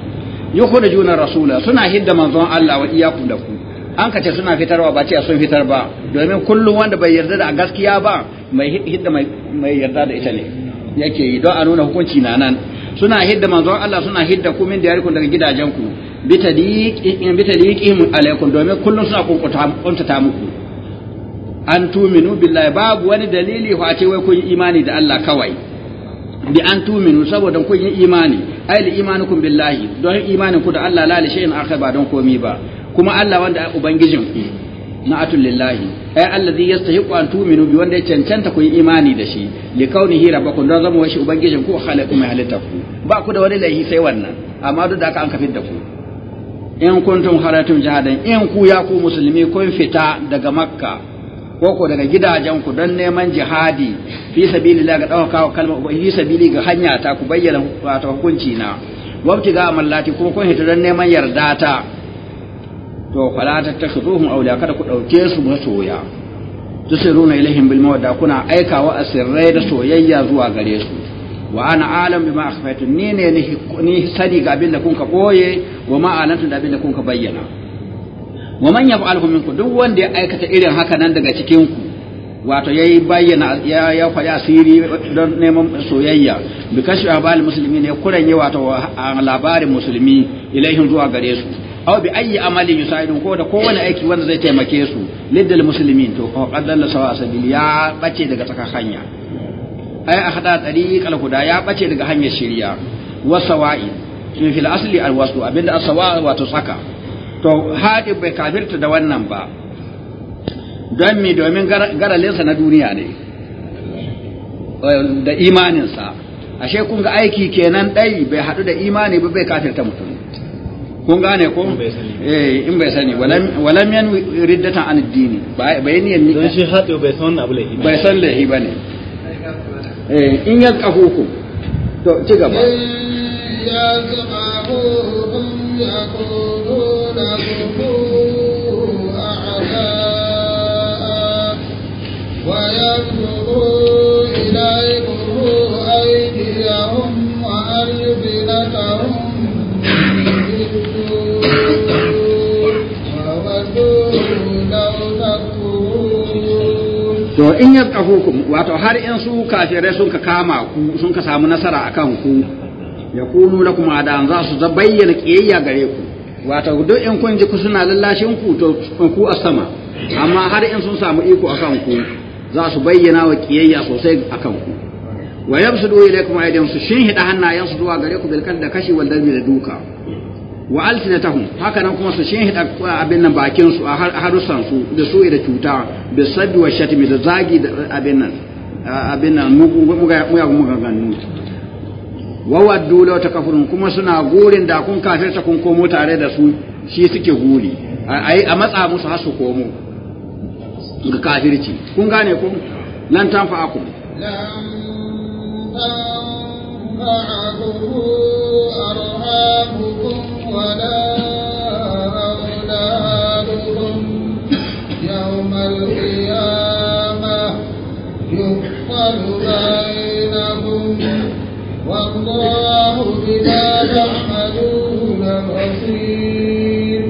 Speaker 2: yukhrijuna rasula suna hidda manzon Allah wa iyyakum da ku an kace suna fitarwa ba ce sun fitar ba domin kullum wanda bai yarda da gaskiya ba mai hidda mai yarda da ita ne yake yi don a nuna hukunci na nan suna hidda manzon Allah suna hidda ku min diyarikun daga gidajenku bitadiqin bitadiqin alaikum domin kullum suna kunkuta kunta muku an tuminu billahi babu wani dalili ce wai kun yi imani da Allah kawai bi an tuminu saboda kun yi imani ai li imanukum billahi don imanin ku da Allah la li shay'in akhar ba don komi ba kuma Allah wanda ubangijin ku na'atul lillahi ai allazi yastahiqu an tuminu bi wanda ya cancanta ku yi imani da shi li kaunihi rabbakum don zama shi ubangijin ku khalaqukum ku ba ku da wani laifi sai wannan amma duk da aka an kafin da ku in kuntum haratum jahadan in ku ya ku musulmi kun fita daga makka ko ko daga gidajenku don neman jihadi fi la ga dauka kalma fi sabili ga hanya ta ku bayyana wato hukunci na wabti ga amallati kuma kun hita don neman yarda ta to fala tattakhuduhum awliya kada ku dauke su masoya tusiruna ilaihim bil mawadda kuna aikawa asirrai da soyayya zuwa gare su wa ana alam bima akhfaytu ni ne ni sani ga abin da kun ka boye wa ma'anatu da abin da kun ka bayyana wa man yaf'alhu minkum duk wanda ya aikata irin haka nan daga cikin ku wato yayi bayyana ya ya faɗi asiri don neman soyayya bi kashi abal muslimin ya kuranye wato labarin musulmi ilaihin zuwa gare su aw bi ayi amali yusaidun ko da kowane aiki wanda zai taimake su lidal muslimin to ko qaddalla sawa sabil ya bace daga tsaka hanya ay akhada al huda ya bace daga hanyar shiriya wa sawa'i fil asli al wasu abinda as-sawa wato tsaka to haɗi bai kafirta da wannan ba don mi domin garalinsa na duniya ne eh, da imaninsa ashe kun ga aiki kenan ɗai bai haɗu da imani ba bai kafirta mutum kun gane ko eh in bai sani walam walam yan riddatan an addini bai ne ni don shi hado bai san abu lahi bai san lahi bane eh in ya kafuku to ci gaba
Speaker 1: ya kafuku ya in أعداء ويبلغوا إليكم
Speaker 2: wato har in su kafirai sun ka kama ku sun ka samu nasara akan ku ya yakunu lakum adan za su bayyana kiyayya gare ku wato duk in kun ji ku suna lallashin ku to ku a sama amma har in sun samu iko akan ku za su bayyana wa kiyayya sosai akan ku wa yabsudu ilaykum aydan su shin hida hannayen su zuwa gare ku bilkan da kashi wal dalbi da duka wa alsinatahum haka nan kuma su shin hida abin nan bakin su a harusan su da su da cuta da sabbi wa shatmi da zagi da abin nan abin nan mugu muga gannu wawa ta kuma suna gurin da kun kafirta kun komo tare da su shi suke guri a matsa musu har su komo ga kafirci kun gane ku lan tanfa akum
Speaker 1: lan tanfa akum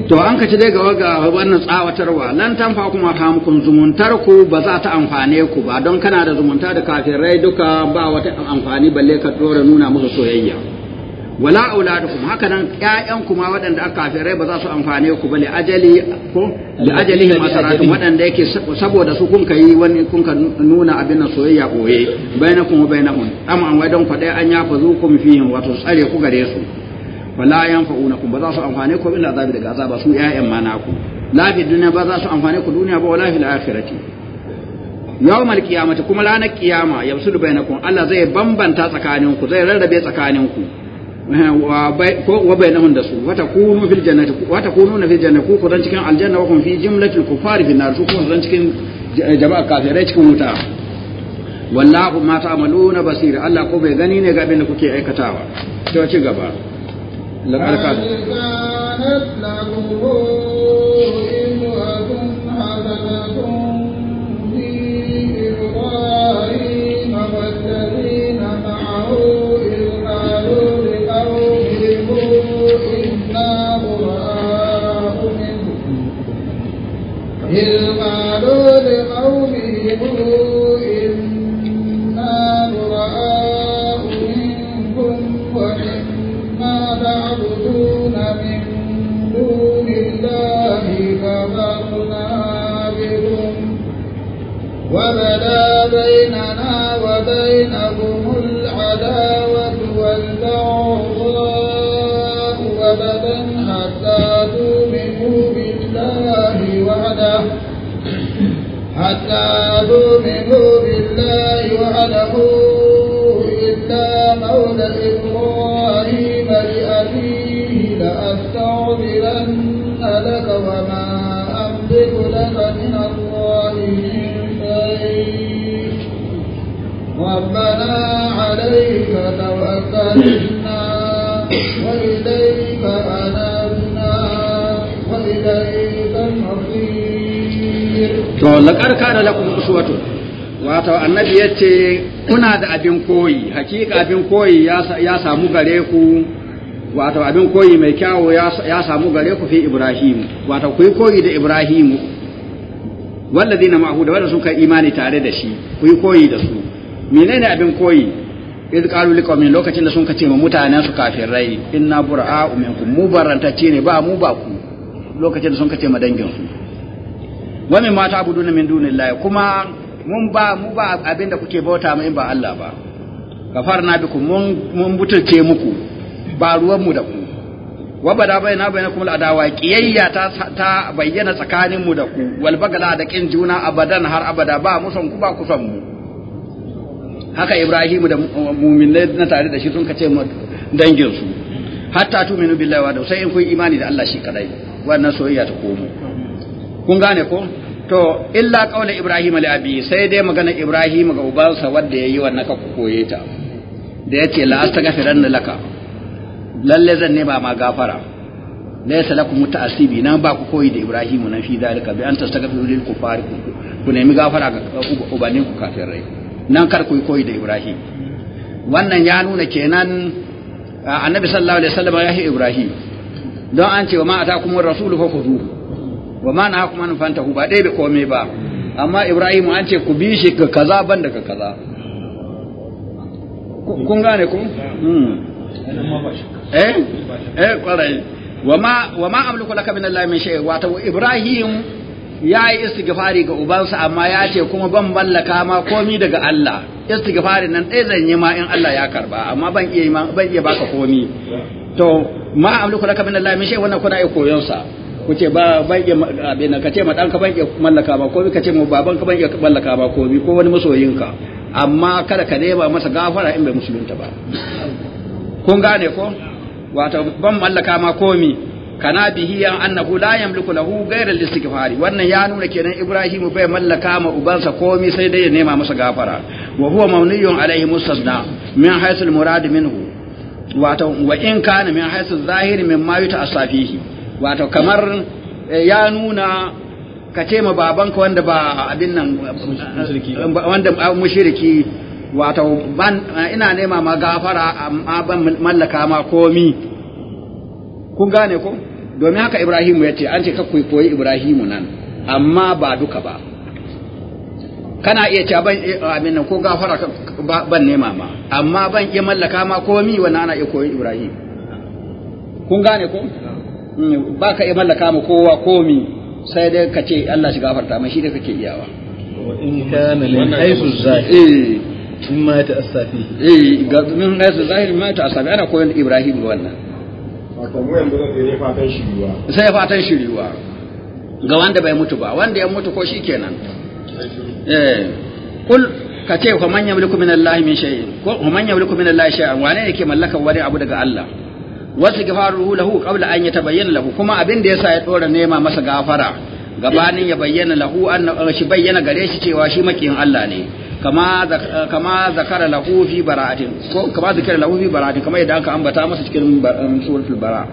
Speaker 2: to an ci dai ga wannan tsawatarwa lan tanfa kuma ta mukun zumuntar ku ba za ta amfane ku ba don kana da zumunta da kafirai duka ba wata amfani balle ka dora nuna musu soyayya wala auladukum haka nan ƴaƴan kuma waɗanda aka kafirai ba za su amfane ku bale ajali ko li ajalihim asaratun waɗanda yake saboda su kun kai wani kun ka nuna abin soyayya boye bainakum wa bainahum amma an wai don ku dai an yafa zukum fihim wato tsare ku gare su fala yanfa'unakum ba za su amfane ku illa azabi daga azaba su ƴaƴan ma naku la fi dunya ba za su amfane ku duniya ba wala fil akhirati yawmal qiyamati kuma ranar qiyama yamsud bainakum Allah zai bambanta tsakaninku zai rarrabe tsakaninku eh, wa bainahum da su wata kunu fil jannati wata kunu na fil jannati ku dan cikin aljanna wa kun fi jumlatil kufari fil nar su kuma dan cikin eh, jama'a kafirai cikin wuta wallahu ma ta'maluna basira Allah ko bai gani ne ga abin da kuke aikatawa to ci gaba لم أعرف عنه كانت
Speaker 1: له امرأة حسنة في والذين معه إذ قالوا لقومهم إنا براء منه wato laqad kana lakum uswatun
Speaker 2: wato annabi yace kuna da abin koyi hakika abin koyi ya samu gare ku wato abin koyi mai kyawo ya samu gare ku fi Ibrahim wato ku yi koyi da Ibrahim walladina ma'ahu da wanda suka imani tare da shi ku yi koyi da su menene abin koyi idh qalu liqaumin lokacin da sun kace ma mutanen su kafirai inna bura'a minkum mu ne ba mu ba ku lokacin da sun kace ma dangin su wani mata abu duna min dunillahi kuma mun ba mu ba abinda kuke bauta mu in ba Allah ba kafarna bikum mun mun butulce muku ba ruwan mu da ku wa bada bayyana kuma al'adawa qiyayya ta ta bayyana tsakanin mu da ku wal da kin juna abadan har abada ba mu ku ba ku mu haka Ibrahimu da mu'minai na tare da shi sun kace mu dangin su hatta tuminu billahi wa da sai in kun imani da Allah shi kadai wannan soyayya ta komo kun gane ko to illa kaula ibrahim al-abi sai dai magana ibrahim ga ubansa wanda yayi wannan ka koye ta da yace la astaghfiranna laka lalle zan ne ba ma gafara laysa lakum mutaasibi na ba ku koyi da ibrahim nan fi dalika bi an astaghfiru lil kufar ku nemi gafara ga ubanin ku kafirai nan kar ku koyi da ibrahim wannan ya nuna kenan annabi sallallahu alaihi wasallam ya yi ibrahim don an ce wa ma kuma rasulu fa khudhuhu wa ma na kuma fanta ba ɗaya da komai ba amma Ibrahim an ce ku bi shi ka kaza ban da ka kaza kun gane ku hmm. eh eh kwarai wa ma wa ma amliku laka min Allah min shay wato Ibrahim ya yi istighfari ga ubansa amma ya ce kuma ban mallaka ma komi daga Allah istighfari nan ɗaya zan yi ma in Allah ya karba amma ban iya ban iya baka komi to ma amliku laka min Allah min shay wannan kuna iya koyon sa ku ce ba ban iya abin ka ce ma ɗanka ban iya mallaka ba ko ka ce ma baban ka ban iya mallaka ba ko ko wani masoyinka amma kada ka nema masa gafara in bai musulunta ba kun gane ko wato ban mallaka ma komi kana bihi an annahu la yamliku lahu ghayra al istighfar wannan ya nuna kenan ibrahim bai mallaka ma ubansa komi sai dai ya nema masa gafara wa huwa mawniyun alaihi mustasna min haythu al-murad minhu wato wa in kana min haythu zahiri ma yuta asafihi wato kamar eh, ya nuna ka ce ma babanka wanda ba abin nan wanda ah, mushriki wato ban eh, ina nema ma gafara amma ban mallaka ma komi kun gane ko domin haka Ibrahimu ya ce an ce ka koyi Ibrahimu nan amma ba duka ba kana iya ce ban eh, abin nan ko gafara ban nema ma amma ban iya mallaka ma komi wannan ana iya koyi Ibrahim kun gane ko ba ka iya mallaka ma kowa komi sai dai ka ce Allah shi gafarta mai shi da kake iyawa wa in kana ne haythu zahir eh. in ma ta asafi eh ga min haythu zahir ma ta asafi ana koyon Ibrahim ga wannan wato mu yanzu ne fatan shiriwa sai fatan shiriwa ga wanda bai mutu ba wanda ya mutu ko shikenan eh kul ka ce fa man yamliku min Allah min shay'in ko man yamliku min Allah shay'an wane ne ke mallakar wani abu daga Allah wasu gifaruhu lahu qabla an yatabayyana lahu kuma abin da yasa ya dora nema masa gafara gabanin ya bayyana lahu an shi bayyana gare shi cewa shi makiyin Allah ne kama kama zakara lahu fi bara'atin ko kama zakara lahu fi bara'atin kama yadda aka ambata masa cikin suratul bara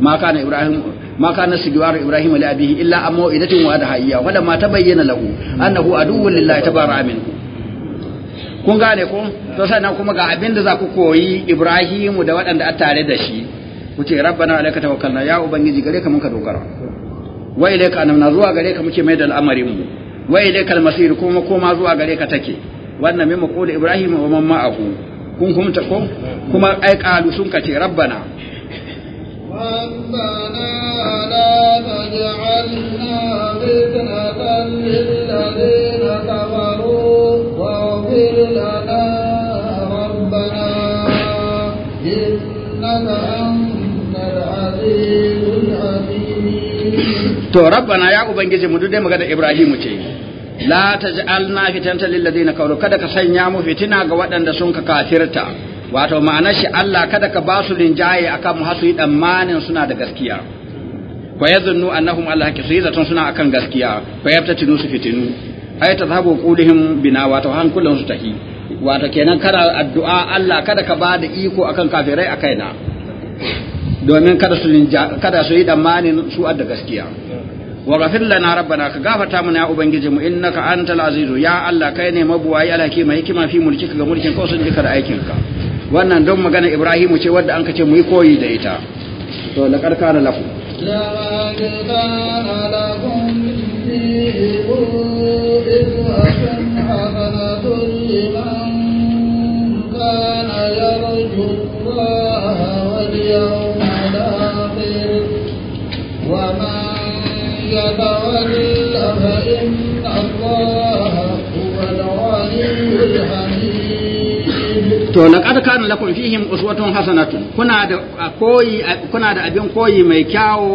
Speaker 2: ma kana ibrahim ma kana sigiwaru ibrahim li abihi illa amma idatin wa da hayya wala ma tabayyana lahu annahu aduwwun lillahi tabaraka minhu kun gane ko to sannan kuma ga abin da za ku koyi Ibrahimu da waɗanda a tare da shi ku ce rabbana alaika tawakkalna ya ubangiji gare ka mun ka dogara wa ilaika anamna zuwa gare ka muke mai da al'amarin mu wa ilaika almasir kuma koma zuwa gare ka take wannan mai maqulu Ibrahim wa man ma'ahu kun kun ta ko kuma ai qalu sun kace rabbana
Speaker 1: rabbana la taj'alna fitnatan lil ladina
Speaker 2: to rabbana ya ubangiji mu dai magana ibrahim ce la taj'alna fitnatan lil ladina kafaru kada ka sanya mu fitina ga waɗanda sun ka kafirta wato ma'anar shi Allah kada ka basu linjaye akan mu hasu damanin suna da gaskiya wa yadhunnu annahum Allah haki sai zaton suna akan gaskiya fa yaftatinu su fitinu ay tadhabu qulihim bina wato hankulan su tahi wato kenan kada addu'a Allah kada ka bada iko akan kafirai akaina domin kada su kada su yi damanin su adda gaskiya wa ghafir lana rabbana ka gafarta mana ya ubangiji mu innaka antal azizu ya Allah kai ne mabuwayi alaki mai hikima fi mulki ga mulkin ka sun dika aikin ka wannan don magana Ibrahimu ce wadda an kace mu yi koyi da ita to la karkara laku
Speaker 1: la يرجو الله واليوم لك ولله إن الله هو الغني
Speaker 2: to laqad kana lakum fihim uswatun hasanatun kuna da koyi kuna da abin koyi mai kyawo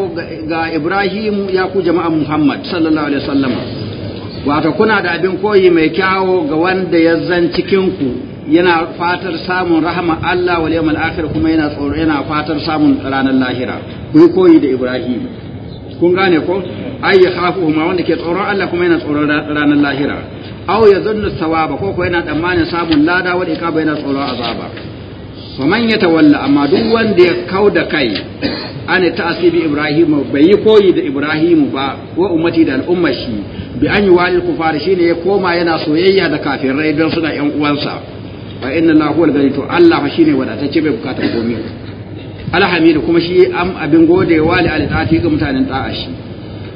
Speaker 2: ga Ibrahim ya ku jama'a Muhammad sallallahu alaihi wasallam wato kuna da abin koyi mai kyawo ga wanda ya zan cikin ku yana fatar samun rahama Allah wal yawmal akhir kuma yana tsoro yana fatar samun ranar lahira ku koyi da Ibrahim kun gane ko ay yakhafuhuma wanda ke tsoron Allah kuma yana tsoron ranar lahira aw yazunnu sawaba ko ko yana tsammanin samun lada wanda ikaba yana tsoron azaba fa man yatawalla amma duk wanda ya kauda kai an tasibi ibrahim bai yi koyi da ibrahimu ba wa ummati da al'ummar shi bi an yi wal kufar shine ya koma yana soyayya da kafirai don suna yan uwansa fa inna lahu huwa al to Allah fa shine wadatacce bai bukatar komai alhamdulillah kuma shi am abin godewa li al ga mutanen ta'ashi shi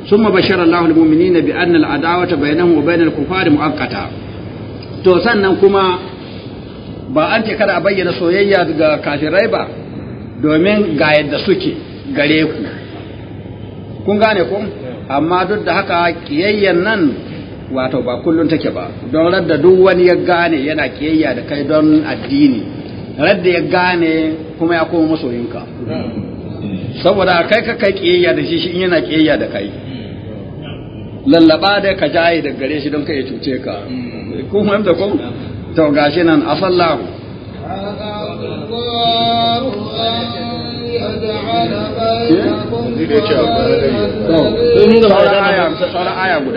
Speaker 2: ثم بشر الله المؤمنين بأن العداوة بينهم وبين الكفار مؤقتة to sannan kuma ba an ce kada a bayyana soyayya ga kafirai ba domin ga yadda suke gare ku kun gane ku amma duk da haka kiyayyan nan wato ba kullun take ba don radda duk wani ya gane yana kiyayya da kai don addini radda ya gane kuma ya koma masoyinka saboda kai ka kai kiyayya da shi shi in yana kiyayya da kai lallaba da ka jaye da gare shi don ka ya cuce ka kun fahimta ko to gashi nan afallahu aya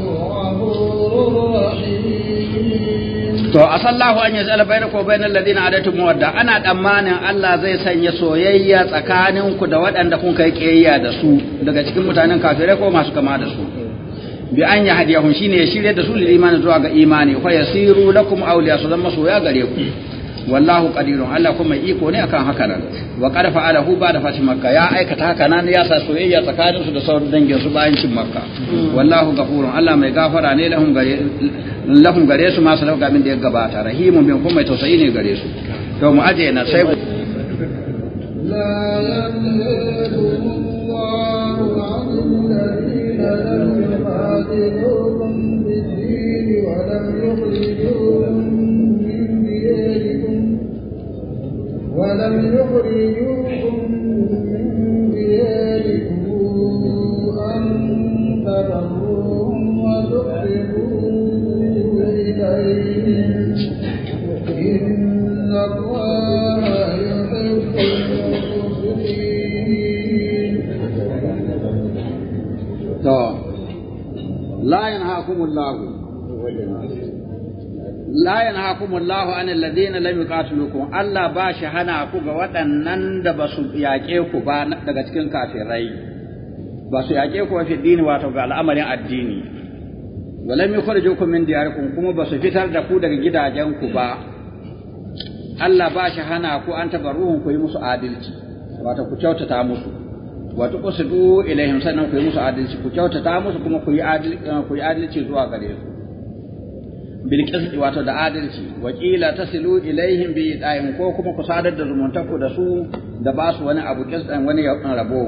Speaker 2: eh? to a sallahu an yaj'ala bainakum wa bainal ladina adaitum mawadda ana tsammanin Allah zai sanya soyayya tsakaninku da waɗanda kun kai kiyayya da su daga cikin mutanen kafirai ko masu kama da su bi an ya hadiyahum shine ya shirye da su lil imani zuwa ga imani fa yasiru lakum awliya su zama soya gare ku wallahu qadirun Allah kuma iko ne akan haka nan wa qad fa'alahu ba'da fathi ya aikata haka nan ya sa soyayya tsakanin su da sauran dangin su bayan cin makka hmm. wallahu ghafurun Allah mai gafara ne lahum gare lahum gare su ma salafu gamin da ya gabata rahimun bin kuma tausayi ne gare su to mu aje na sai لا يملك الله عن الذين
Speaker 1: لم ألم يخرجوكم من دياركم أن تبروهم وتقربوا إليهم إن الله يحب المحسنين
Speaker 2: لا ينهاكم الله la yanhakumullahu anil ladina lam yuqatilukum Allah ba shi hana ku ga waɗannan da ba su yaƙe ku ba daga cikin kafirai ba su yaƙe ku ba fi dini wato ga al'amarin addini walam yukhrijukum min diyarikum kuma ba su fitar da ku daga gidajenku ba Allah ba shi hana ku an tabarruhum ku yi musu adalci wato ku kyautata musu wato ku su ilaihim sannan ku yi musu adalci ku kyautata musu kuma ku yi adalci zuwa gare su bil wato da adalci wakila tasilu ilaihim bi idaim ko kuma ku sadar da zumuntaku da su da ba su wani abu dan wani yawan rabo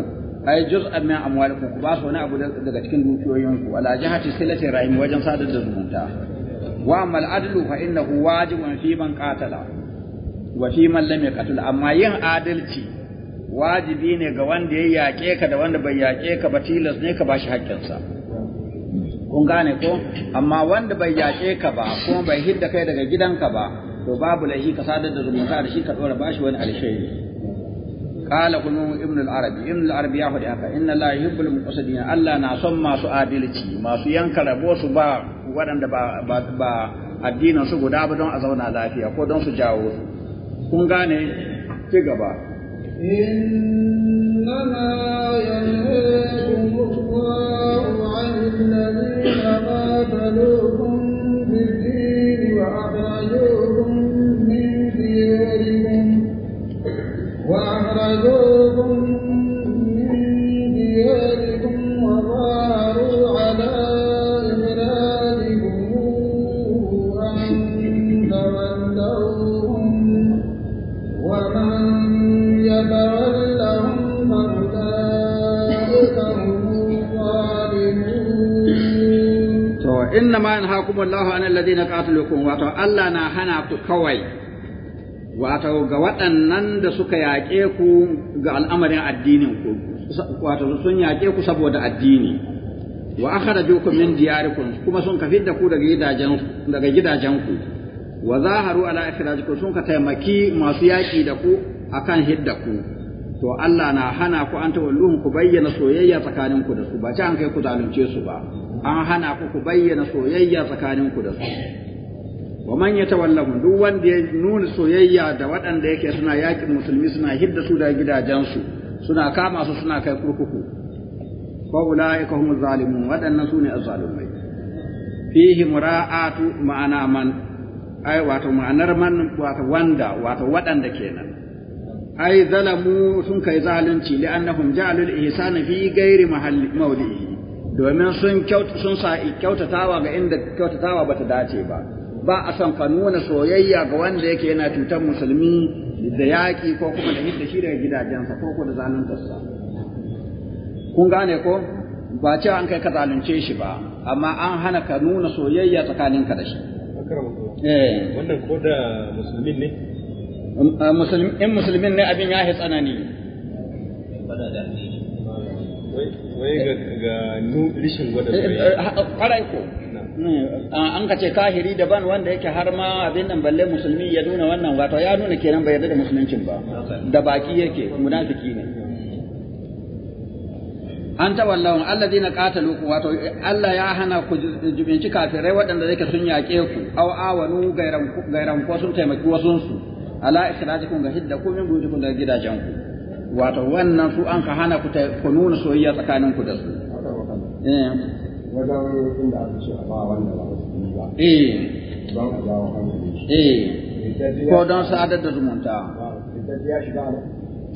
Speaker 2: ai juz'an min amwalikum ku ba su wani abu daga cikin dukiyoyinku ala jahati silati rahim wajen sadar da zumunta wa amal adlu fa innahu wajibun fi man qatala wa fi man lam yaqtul amma yin adalci wajibi ne ga wanda ya yaƙe ka da wanda bai yake ka ba tilas ne ka bashi haƙƙinsa kun gane ko amma wanda bai yace ka ba kuma bai hidda kai daga gidanka ba to babu laifi ka sadar da zumunta da shi ka dora bashi wani alheri قال قلوم ابن العربي ابن العربي يا فدي haka inna la yuhibbul muqsitin Allah na son masu adalci masu yanka rabo su ba waɗanda ba ba addinin su guda ba don a zauna lafiya ko don su jawo kun gane ci gaba للذين
Speaker 1: قاتلوكم في الدين من دياركم وأخرجوكم
Speaker 2: inna ma yanhaakumullahu anil ladina qatalukum wato Allah na hana ku kawai wato ga waɗannan da suka yaƙe ku ga al'amarin addinin ku wato sun yaƙe ku saboda addini wa akhrajukum min diyarikum kuma sun kafid da ku daga gidajen daga gidajen ku wa zaharu ala ikhrajikum sun ka taimaki masu yaƙi da ku akan hidda ku to Allah na hana ku an tawalluhum ku bayyana soyayya tsakaninku da su ba ci an kai ku zalunce su ba an hana ku ku bayyana soyayya tsakaninku da su wa man yatawallahu duk wanda ya nuna soyayya da waɗanda yake suna yakin musulmi suna hidda su da gidajensu suna kama su suna kai kurkuku fa ulaika humu zalimun waɗannan ne azzalumai fihi mura'atu ma'ana man ai wato ma'anar man wato wanda wato waɗanda kenan ai zalamu sun kai zalunci li'annahum ja'alul ihsana fi ghairi mahalli mawdihi domin sun sun sa kyautatawa ga inda kyautatawa bata dace ba ba a son ka nuna soyayya ga wanda yake yana cutar musulmi da yaƙi ko kuma da hidda shi daga gidajensa ko ko da zanuntarsa kun gane ko ba cewa an kai ka zalunce shi ba amma an hana ka nuna soyayya tsakaninka da shi eh. wannan ko da musulmin ne um, uh, in musulmin ne abin ya tsanani wai ga rishin gwada eh, eh, ko hmm, an ka ce kahiri daban wanda yake har ma abin nan balle musulmi ya nuna wannan wato ya nuna kenan bai yarda da musuluncin ba da baki yake munafiki ne an ta wallahun alladina qatalu wato Allah ya hana ku jibinci kafirai waɗanda zake sun yaƙe ku aw awanu gairan gairan ko sun taimaki wasun su ala ikhrajikum ga hidda ku min buyutikum da gidajen ku wato wannan su an ka hana ku ta ku nuna soyayya tsakanin ku da su eh wajen inda aka ce a ba wanda ba su
Speaker 1: eh eh
Speaker 2: ko don sa'adar da zumunta ya shiga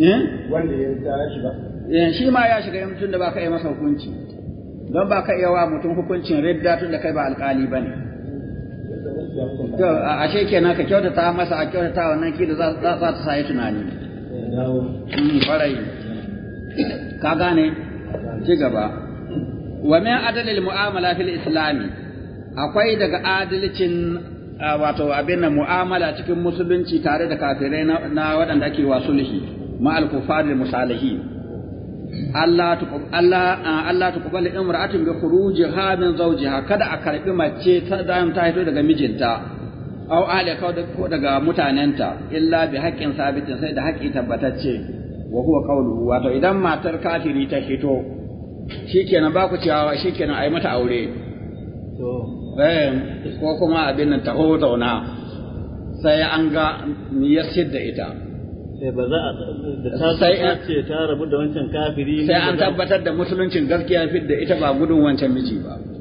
Speaker 2: eh wanda ya shiga eh shi ma ya shiga mutum da ba ka yi masa hukunci don ba ka iya wa mutum hukuncin ridda tun da kai ba alkali bane to ashe kenan ka kyautata masa a kyautata wannan da za ta sa tunani dawo kwarai mm, ka mu'amala fil islami akwai daga adalcin wato abin na mu'amala cikin musulunci tare da kafirai na waɗanda ake wa sulhi ma al-kufar musalihi Allah Allah tuqbal imra'atin bi khurujiha min zawjiha kada a karbi mace ta ta hito daga mijinta aw ahli ko daga mutanenta illa bi haqqin sabitin sai da haƙƙi tabbatacce wa huwa qawluhu wato idan matar kafiri ta fito shikenan ba ku cewa shikenan ai mata aure to eh ko kuma abin nan taho zauna sai an ga ya da ita sai eh, ba za a sai an ce ta rabu da wancan kafiri sai an tabbatar da musuluncin gaskiya fit da ita ba gudun wancan miji ba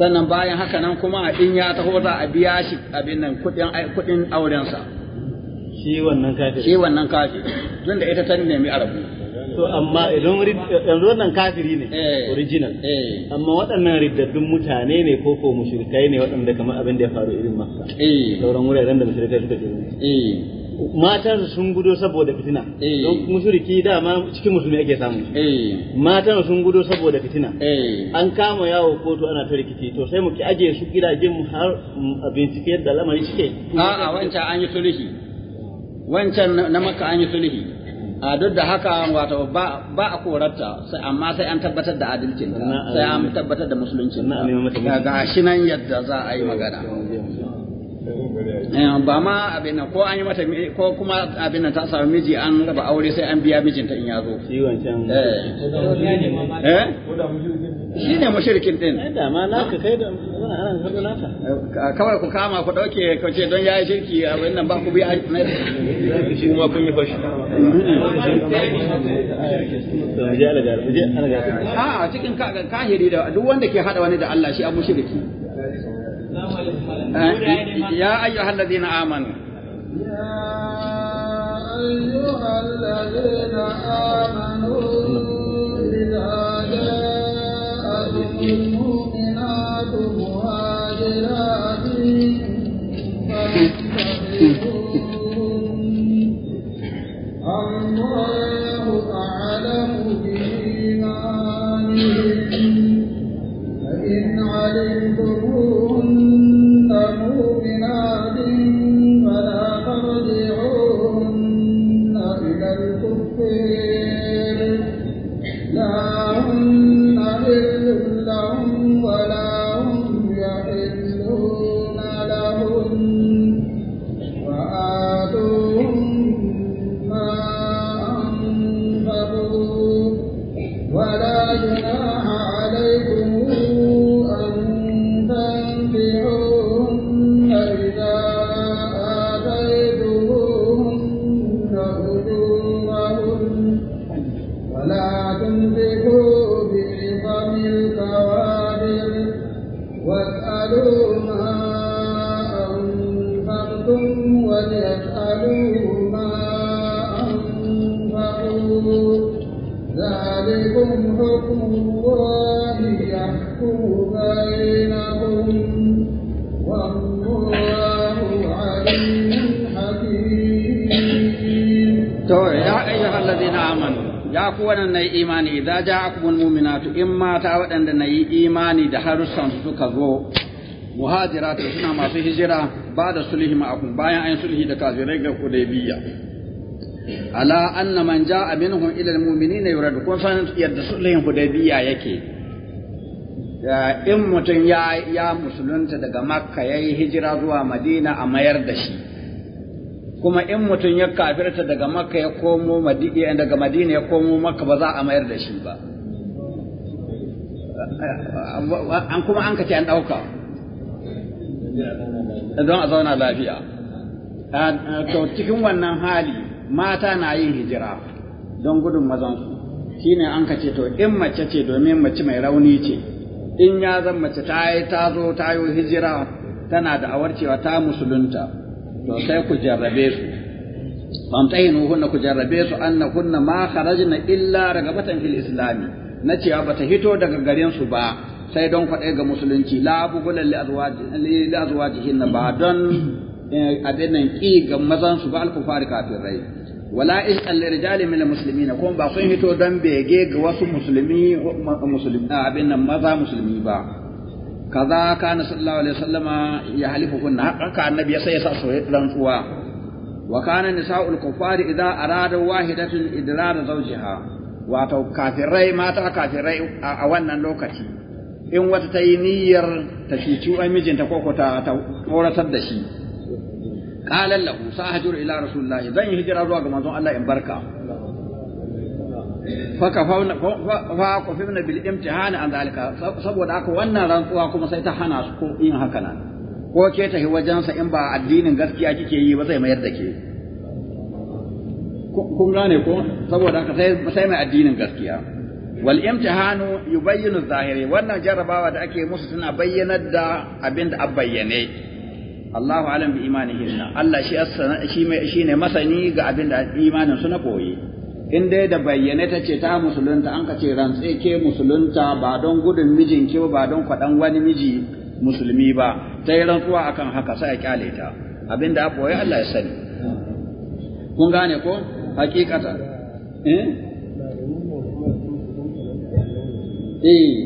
Speaker 2: sannan bayan haka nan kuma a in ya taho za a biya shi abin nan kuɗin aurensa shi wannan kafiri shi wannan kafiri tun da ita ta nemi arabu to amma idan yanzu wannan kafiri ne eh. original eh. amma waɗannan riddaddun mutane ne ko ko mushrikai ne waɗanda kamar abin da ya faru irin maka eh. sauran wuraren da mushrikai suka je eh matan sun gudo saboda fitina eh. don da dama cikin musulmi ake samu eh. matan sun gudo saboda fitina eh. an kama yawo kotu ana ta rikici to sai mu ki aje su gidajen mu har bincike yadda lamari cike a wancan an yi sulhi wancan na maka an yi sulhi a duk da haka wato ba ba a korarta sai amma sai an tabbatar da adalcin sai an tabbatar da musulunci. ga shi nan yadda za a yi magana Eh, ba ma abin nan ko an yi mata ko kuma abin nan ta samu miji an raba aure sai an biya mijin ta in ya zo shi wancan eh eh
Speaker 3: shi ne mushrikin din eh da ma naka kai da ana naka
Speaker 2: eh, kawai ku kama ku dauke ku ce don yayi shirki abin nan ba ku bi shi kuma kun yi fashi a cikin kahiri da duk wanda ke hada wani da Allah shi abu shirki يا أيها الذين آمنوا يا
Speaker 1: أيها الذين آمنوا
Speaker 2: mata waɗanda na yi imani da harussan suka zo muhajiratu suna masu hijira ba da sulhi ma'akum bayan an sulhi da kafirai ga Hudaybiya ala anna man ja'a minhum ila almu'minina yuradu kun san yadda sulhin Hudaybiya yake in mutum ya ya musulunta daga makka yayi hijira zuwa madina a mayar da shi kuma in mutum ya kafirta daga makka ya komo madina daga madina ya komo makka ba za a mayar da shi ba Eh, an kuma an kace an ɗauka don a zauna lafiya ah, to cikin wannan hali mata na yin hijira don gudun mazansu shine an kace to in mace ce domin mace mai rauni ce in ya zan mace ta yi ta zo ta yi hijira tana da awarcewa ta musulunta to sai ku jarrabe su famtahinu hunna ku jarrabe su anna kunna ma kharajna illa ragabatan fil islami na cewa ta hito daga garensu ba sai don kwaɗe ga musulunci la bugulan li azwajihin na ba don eh, abin nan ga mazan su ba alkufari kafirai wala ishqal rijali min almuslimina kuma ba sun hito don bege ga wasu musulmi musulmi abin nan maza musulmi ba kaza kana sallallahu alaihi wasallama ya halifu kunna haka annabi sai ya sa soyayya rantsuwa wa kana nisa'ul kuffari idza arada wahidatun idrar zawjiha wato kafirai mata kafirai a wannan lokaci in wata ta yi niyyar ta cuci wani mijinta ko ko ta tsoratar da shi qalan lahu sahajur ila rasulullah zan yi hijira zuwa ga manzon Allah in barka fa ka fa kafawna bil imtihan an zalika saboda haka wannan rantsuwa kuma sai ta hana su ko yin haka nan ko ke ta wajensa in ba addinin gaskiya kike yi ba zai mayar da ke kun gane ko saboda haka sai sai mai addinin gaskiya wal imtihanu yubayyinu zahiri wannan jarrabawa da ake musu suna bayyanar da abin da abbayyane Allahu alam bi imanihim Allah shi shi mai ne masani ga abin da imanin su na koyi in dai da bayyane ta ce ta musulunta an ka ce rantse ke musulunta ba don gudun mijin ke ba don kwadan wani miji musulmi ba ta yi rantsuwa akan haka sai a kyale ta abin da aboye Allah ya sani kun gane ko hakikata eh, eh.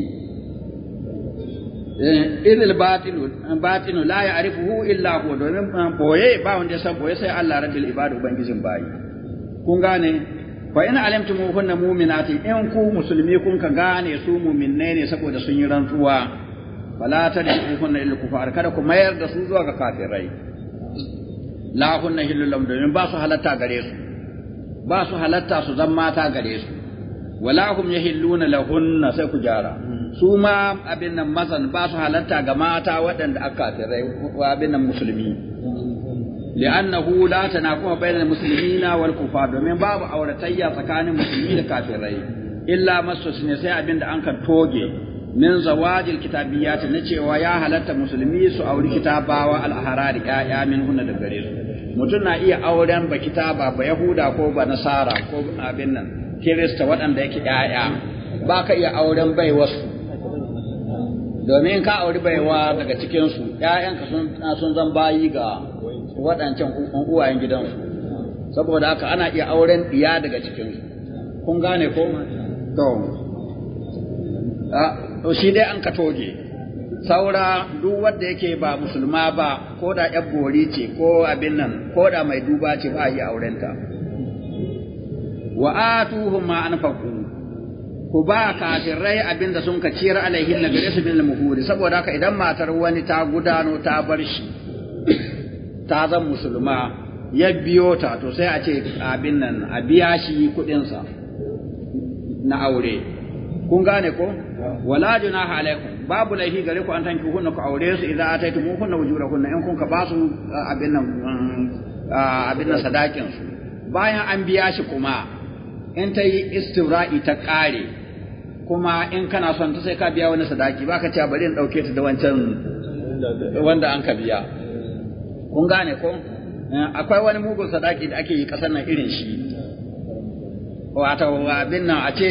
Speaker 2: eh idil batilu batinu la ya'rifuhu illa huwa domin ah, boye ba wanda ya boye sai Allah rabbil ibad ubangijin bayi kun gane fa alimtu mu hunna mu'minati in ku musulmi kun ka gane su mu'minai ne saboda sun yi rantsuwa fala tad'u hunna illa kufar kada ku mayar da su zuwa ga kafirai la hunna hillu lahum domin ba su halatta gare su ba su halatta su zan mata gare su wala hum yahilluna lahunna sai ku jara su ma abin nan mazan ba su halatta ga mata waɗanda aka wa abin nan musulmi li'annahu la tanaquma bayna al-muslimina wal kufar domin babu auratayya tsakanin musulmi da kafirai illa masus ne sai abin da an ka toge min zawajil kitabiyyat na cewa ya halatta musulmi su auri kitabawa al-ahrar ya'ya min hunna da gare su mutum na iya auren ba kitaba ba yahuda ko ba nasara ko abin nan kirista waɗanda yake ƴaƴa ba ka iya auren bai wasu domin ka auri baiwa daga cikinsu ƴaƴanka sun zan bayi ga waɗancan uwayen gidansu saboda haka ana iya auren iya daga cikinsu kun gane ko to shi dai an ka toge saura duk wanda yake ba musulma ba ko da ɗan bori ce ko abin nan ko da mai duba ce ba yi aurenta wa atuhum ma anfaqu ku ba kafirai abin da sun ra alaihin na gare su min al saboda haka idan matar wani ta gudano ta bar shi ta zan musulma ya biyo ta to sai a ce abin nan a biya shi kuɗinsa na aure kun gane ko wala junaha alaikum babu laifi gare ku an tanki hunna ku aure su idan taitu mun hunna wujura hunna in kun ka ba su uh, abin nan uh, uh, abin nan sadakin su bayan an biya shi kuma in ta yi istibra'i ta kare kuma in kana son ta sai ka biya wani sadaki baka cewa bari in dauke ta da wancan wanda an ka biya kun gane ko akwai wani mugun sadaki da ake yi kasar nan irin shi wato abin nan a ce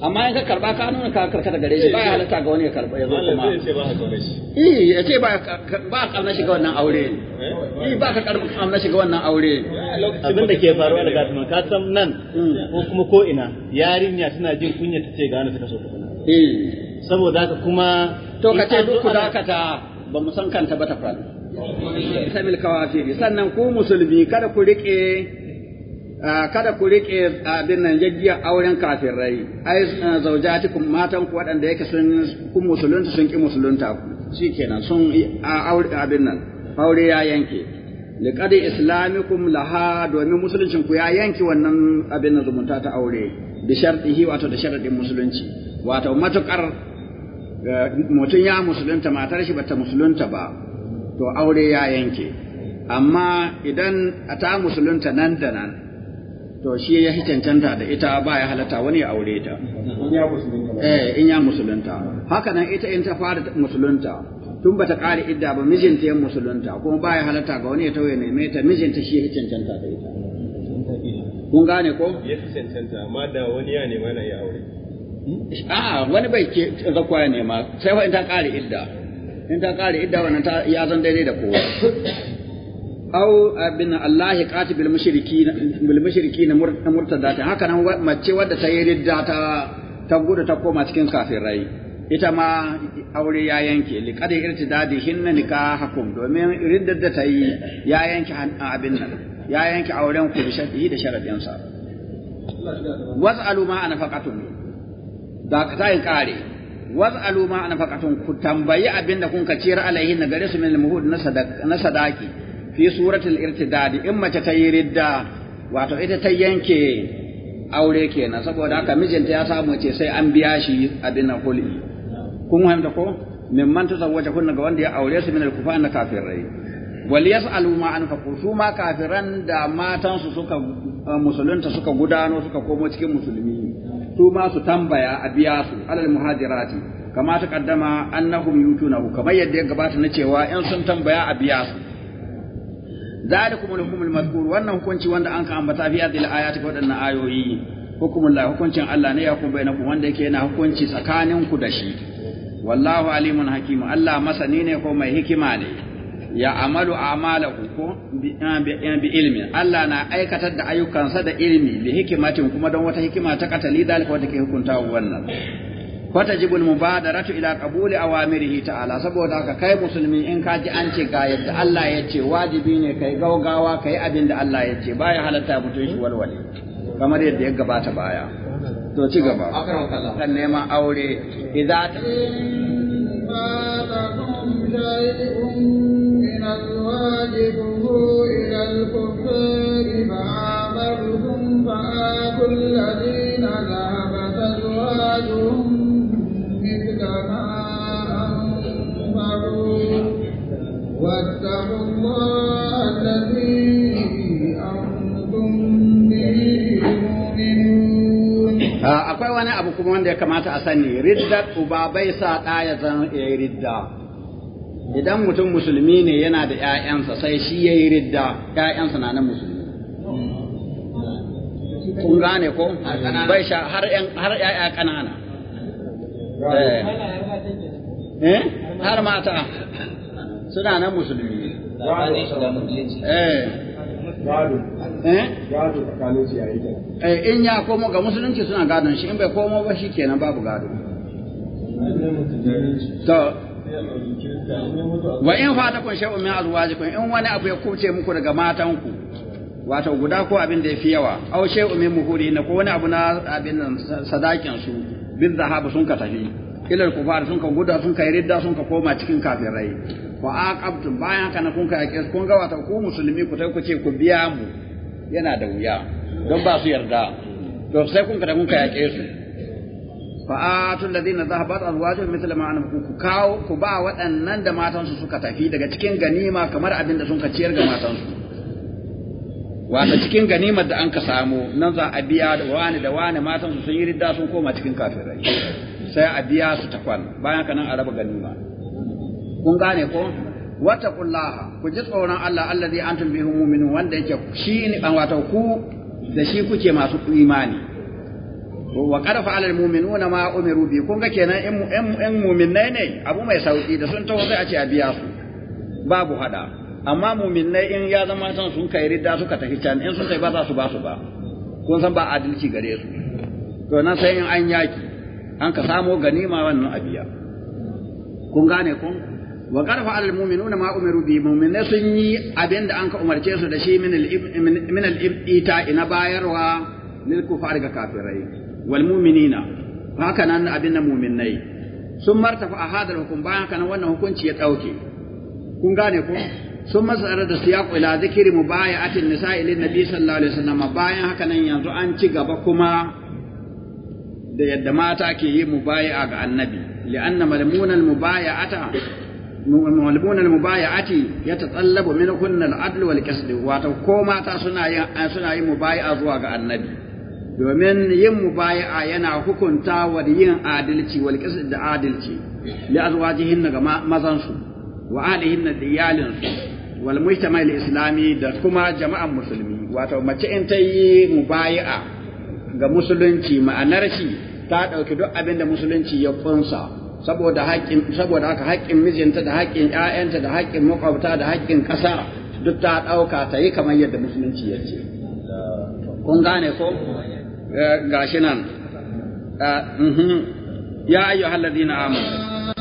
Speaker 2: amma in ka karba ka nuna ka da gare shi ba ya eh, halatta ga wani ya karba ya zo kuma eh, ya ce ba ka kauna eh ya ce ba ba ka shi ga wannan aure eh, eh ba ka kauna shi ga wannan aure abin da ke faruwa da gatuma ka san nan hmm. ko kuma ko ina yarinya tana jin kunya ta ce ga wani suka so ta eh saboda haka kuma to ka ce duk kudakata ba mu san kanta ba ta faru sannan ku musulmi kada ku riƙe. Ah, kada ku riƙe ah, abin nan jajjiya auren kafirai ai ah, zaujatikum matan ku waɗanda yake sun kun musulunta sun ki musulunta ku kenan sun aure abin nan aure ya yanke liqad islamikum laha domin musuluncin ku ya yanke wannan abin nan zumunta ta aure bi shartihi wato da sharadin musulunci wato matukar mutum ya musulunta matar shi bata musulunta ba to aure ya yanke amma idan ta musulunta nan da nan to shi ya cancanta da ita ba ya halatta wani ya aure ta eh in ya musulunta haka nan ita in ta fara musulunta tun bata kare idda ba mijinta ya musulunta kuma ba ya halatta ga wani ya tauye mai ta mijinta shi ya cancanta da ita kun gane ko ya fi cancanta amma da wani ya nema na ya aure a'a wani bai ke zakwa ya nema sai wa in ta kare idda in ta kare idda wannan ya zan daidai da kowa au Allah mace wadda ta yi ridda ta ta ta koma cikin ita ma aure ya yanke liqad irtidadi hinna nikahakum domin riddar da ta yi ya yanke abin nan ya yanke auren ku bi da sharadin sa was'alu ma anfaqatum da ka tayin kare was'alu ma ku tambayi abin da kun ka ciyar alaihin gare su min na sadaki fi suratul irtidadi in mace ta yi ridda wato ita ta yanke aure kenan saboda haka mijinta ya samu ce sai an biya shi abin nan kulli kun fahimta ko min man tuzawwaja kunna ga wanda ya aure su min al-kufa na kafirai wal yas'alu ma an su ma kafiran da matan su suka eh, musulunta suka gudano suka komo cikin musulmi su ma su tambaya a biya su alal muhajirati kama ta kaddama annahum yutuna kamar yadda ya gabata na cewa in sun tambaya a biya su ذلكم الحكم المذكور وان hukunci wanda an ka ambata fi hadhihi al-ayati ko wadannan ayoyi hukumul la hukuncin Allah ne ya ku wanda yake yana hukunci tsakanin ku da shi wallahu alimun hakim Allah masani ne ko mai hikima ne ya amalu amalahu ko bi eh, eh, ilmi Allah na aikatar da ayyukansa da ilmi bi hikimatin kuma don wata hikima ta katali dalika wata ke hukunta wannan fatajibul mubadaratu ila qabuli awamirihi ala saboda haka kai musulmi in ka ji an ce yadda Allah ya ce wajibi ne kai gaugawa kai abin da Allah ya ce baya halatta mutum shi walwale kamar yadda ya gabata baya to ci gaba kan neman aure idza ta
Speaker 1: من الواجب إلى الكفار فآمرهم فآتوا الذين نهوا
Speaker 2: akwai wani abu kuma wanda ya kamata a sani riddar uba bai sa ɗaya ya zan ya yi ridda idan mutum musulmi ne yana da ‘ya'yansa sai shi ya yi ridda ‘ya'yansa na na musulmi kun gane ko bai sha har ‘ya'ya ƙanana har mata suna nan musulmi eh. Eh? Eh, in ya komo ga musulunci suna gadon shi in bai komo ba shi kenan babu gado to wa in fata kun shay'un min kun? in wani abu ya kuce muku daga matanku wato guda ko abin da yafi yawa au shay'un min muhuri na ko wani abu na abin nan sadakin su bin zahabu sun ka tafi ilal kufar sun ka guda sun ka yi ridda sun ka koma cikin kafirai fa aqabtu bayan haka na kun kai kun ga wata ku musulmi ku tai ku ce ku biya mu yana da wuya don ba su yarda to sai kun kada kun kai su fa'atul ladina dhahabat azwajuhum mithla ma anfaku ku kawo ku ba waɗannan da matansu suka tafi daga cikin ganima kamar abin da sun ka ciyar ga matansu wata cikin ganimar da an ka samu nan za a biya da wani da wani matansu sun yi ridda sun koma cikin kafirai sai a biya su takwan bayan kanan a raba ganima kun gane ko kullaha ku ji tsoron Allah allazi antum bihi mu'minun wanda yake shi ne dan wato ku da shi kuke masu imani wa qad fa'ala al-mu'minuna ma umiru bi kun ga kenan in mu'minai ne abu mai sauki da sun tawo sai a ce a biya su babu hada amma mu'minai in ya zama san sun kai ridda suka tafi can in sun kai ba za su ba su ba kun san ba adalci gare su to nan sai in an yaki an ka samo ganima wannan abiya kun gane kun wa qarfa al mu'minuna ma umiru bi mu'minai sun yi abinda an ka umarce su da shi min al min al ita ina bayarwa lil kufar ga kafirai wal mu'minina haka nan abinda mu'minai sun martafa a hadar hukum bayan haka nan wannan hukunci ya dauke kun gane ko sun masara da siyaq ila zikri mubayi'atin nisa'i lin nabi sallallahu alaihi wasallam bayan haka nan yanzu an ci gaba kuma da yadda mata ke yi mubayi'a ga annabi li'anna malmunal mubayi'ata mulmuna mubaya'ati yatatallabu minkunna al-adl wal qisd wato ko mata suna yin suna yin mubaya'a zuwa ga annabi domin yin mubaya'a yana hukunta wa yin adalci wal qisd da adalci li azwajihin ga mazan su wa alihin da iyalin su wal mujtama al-islami da kuma jama'an musulmi wato mace in ta yi mubaya'a ga musulunci ma'anar shi ta dauki duk abin da musulunci ya kunsa saboda haƙƙin haka haƙƙin mijinta da haƙƙin 'ya'yanta, da haƙƙin makwabta da haƙƙin ƙasa duk ta ɗauka ta yi kamar yadda musulunci ya ce kun gane ko eh, gashi nan eh, mhm. ya ayyuhallazina amanu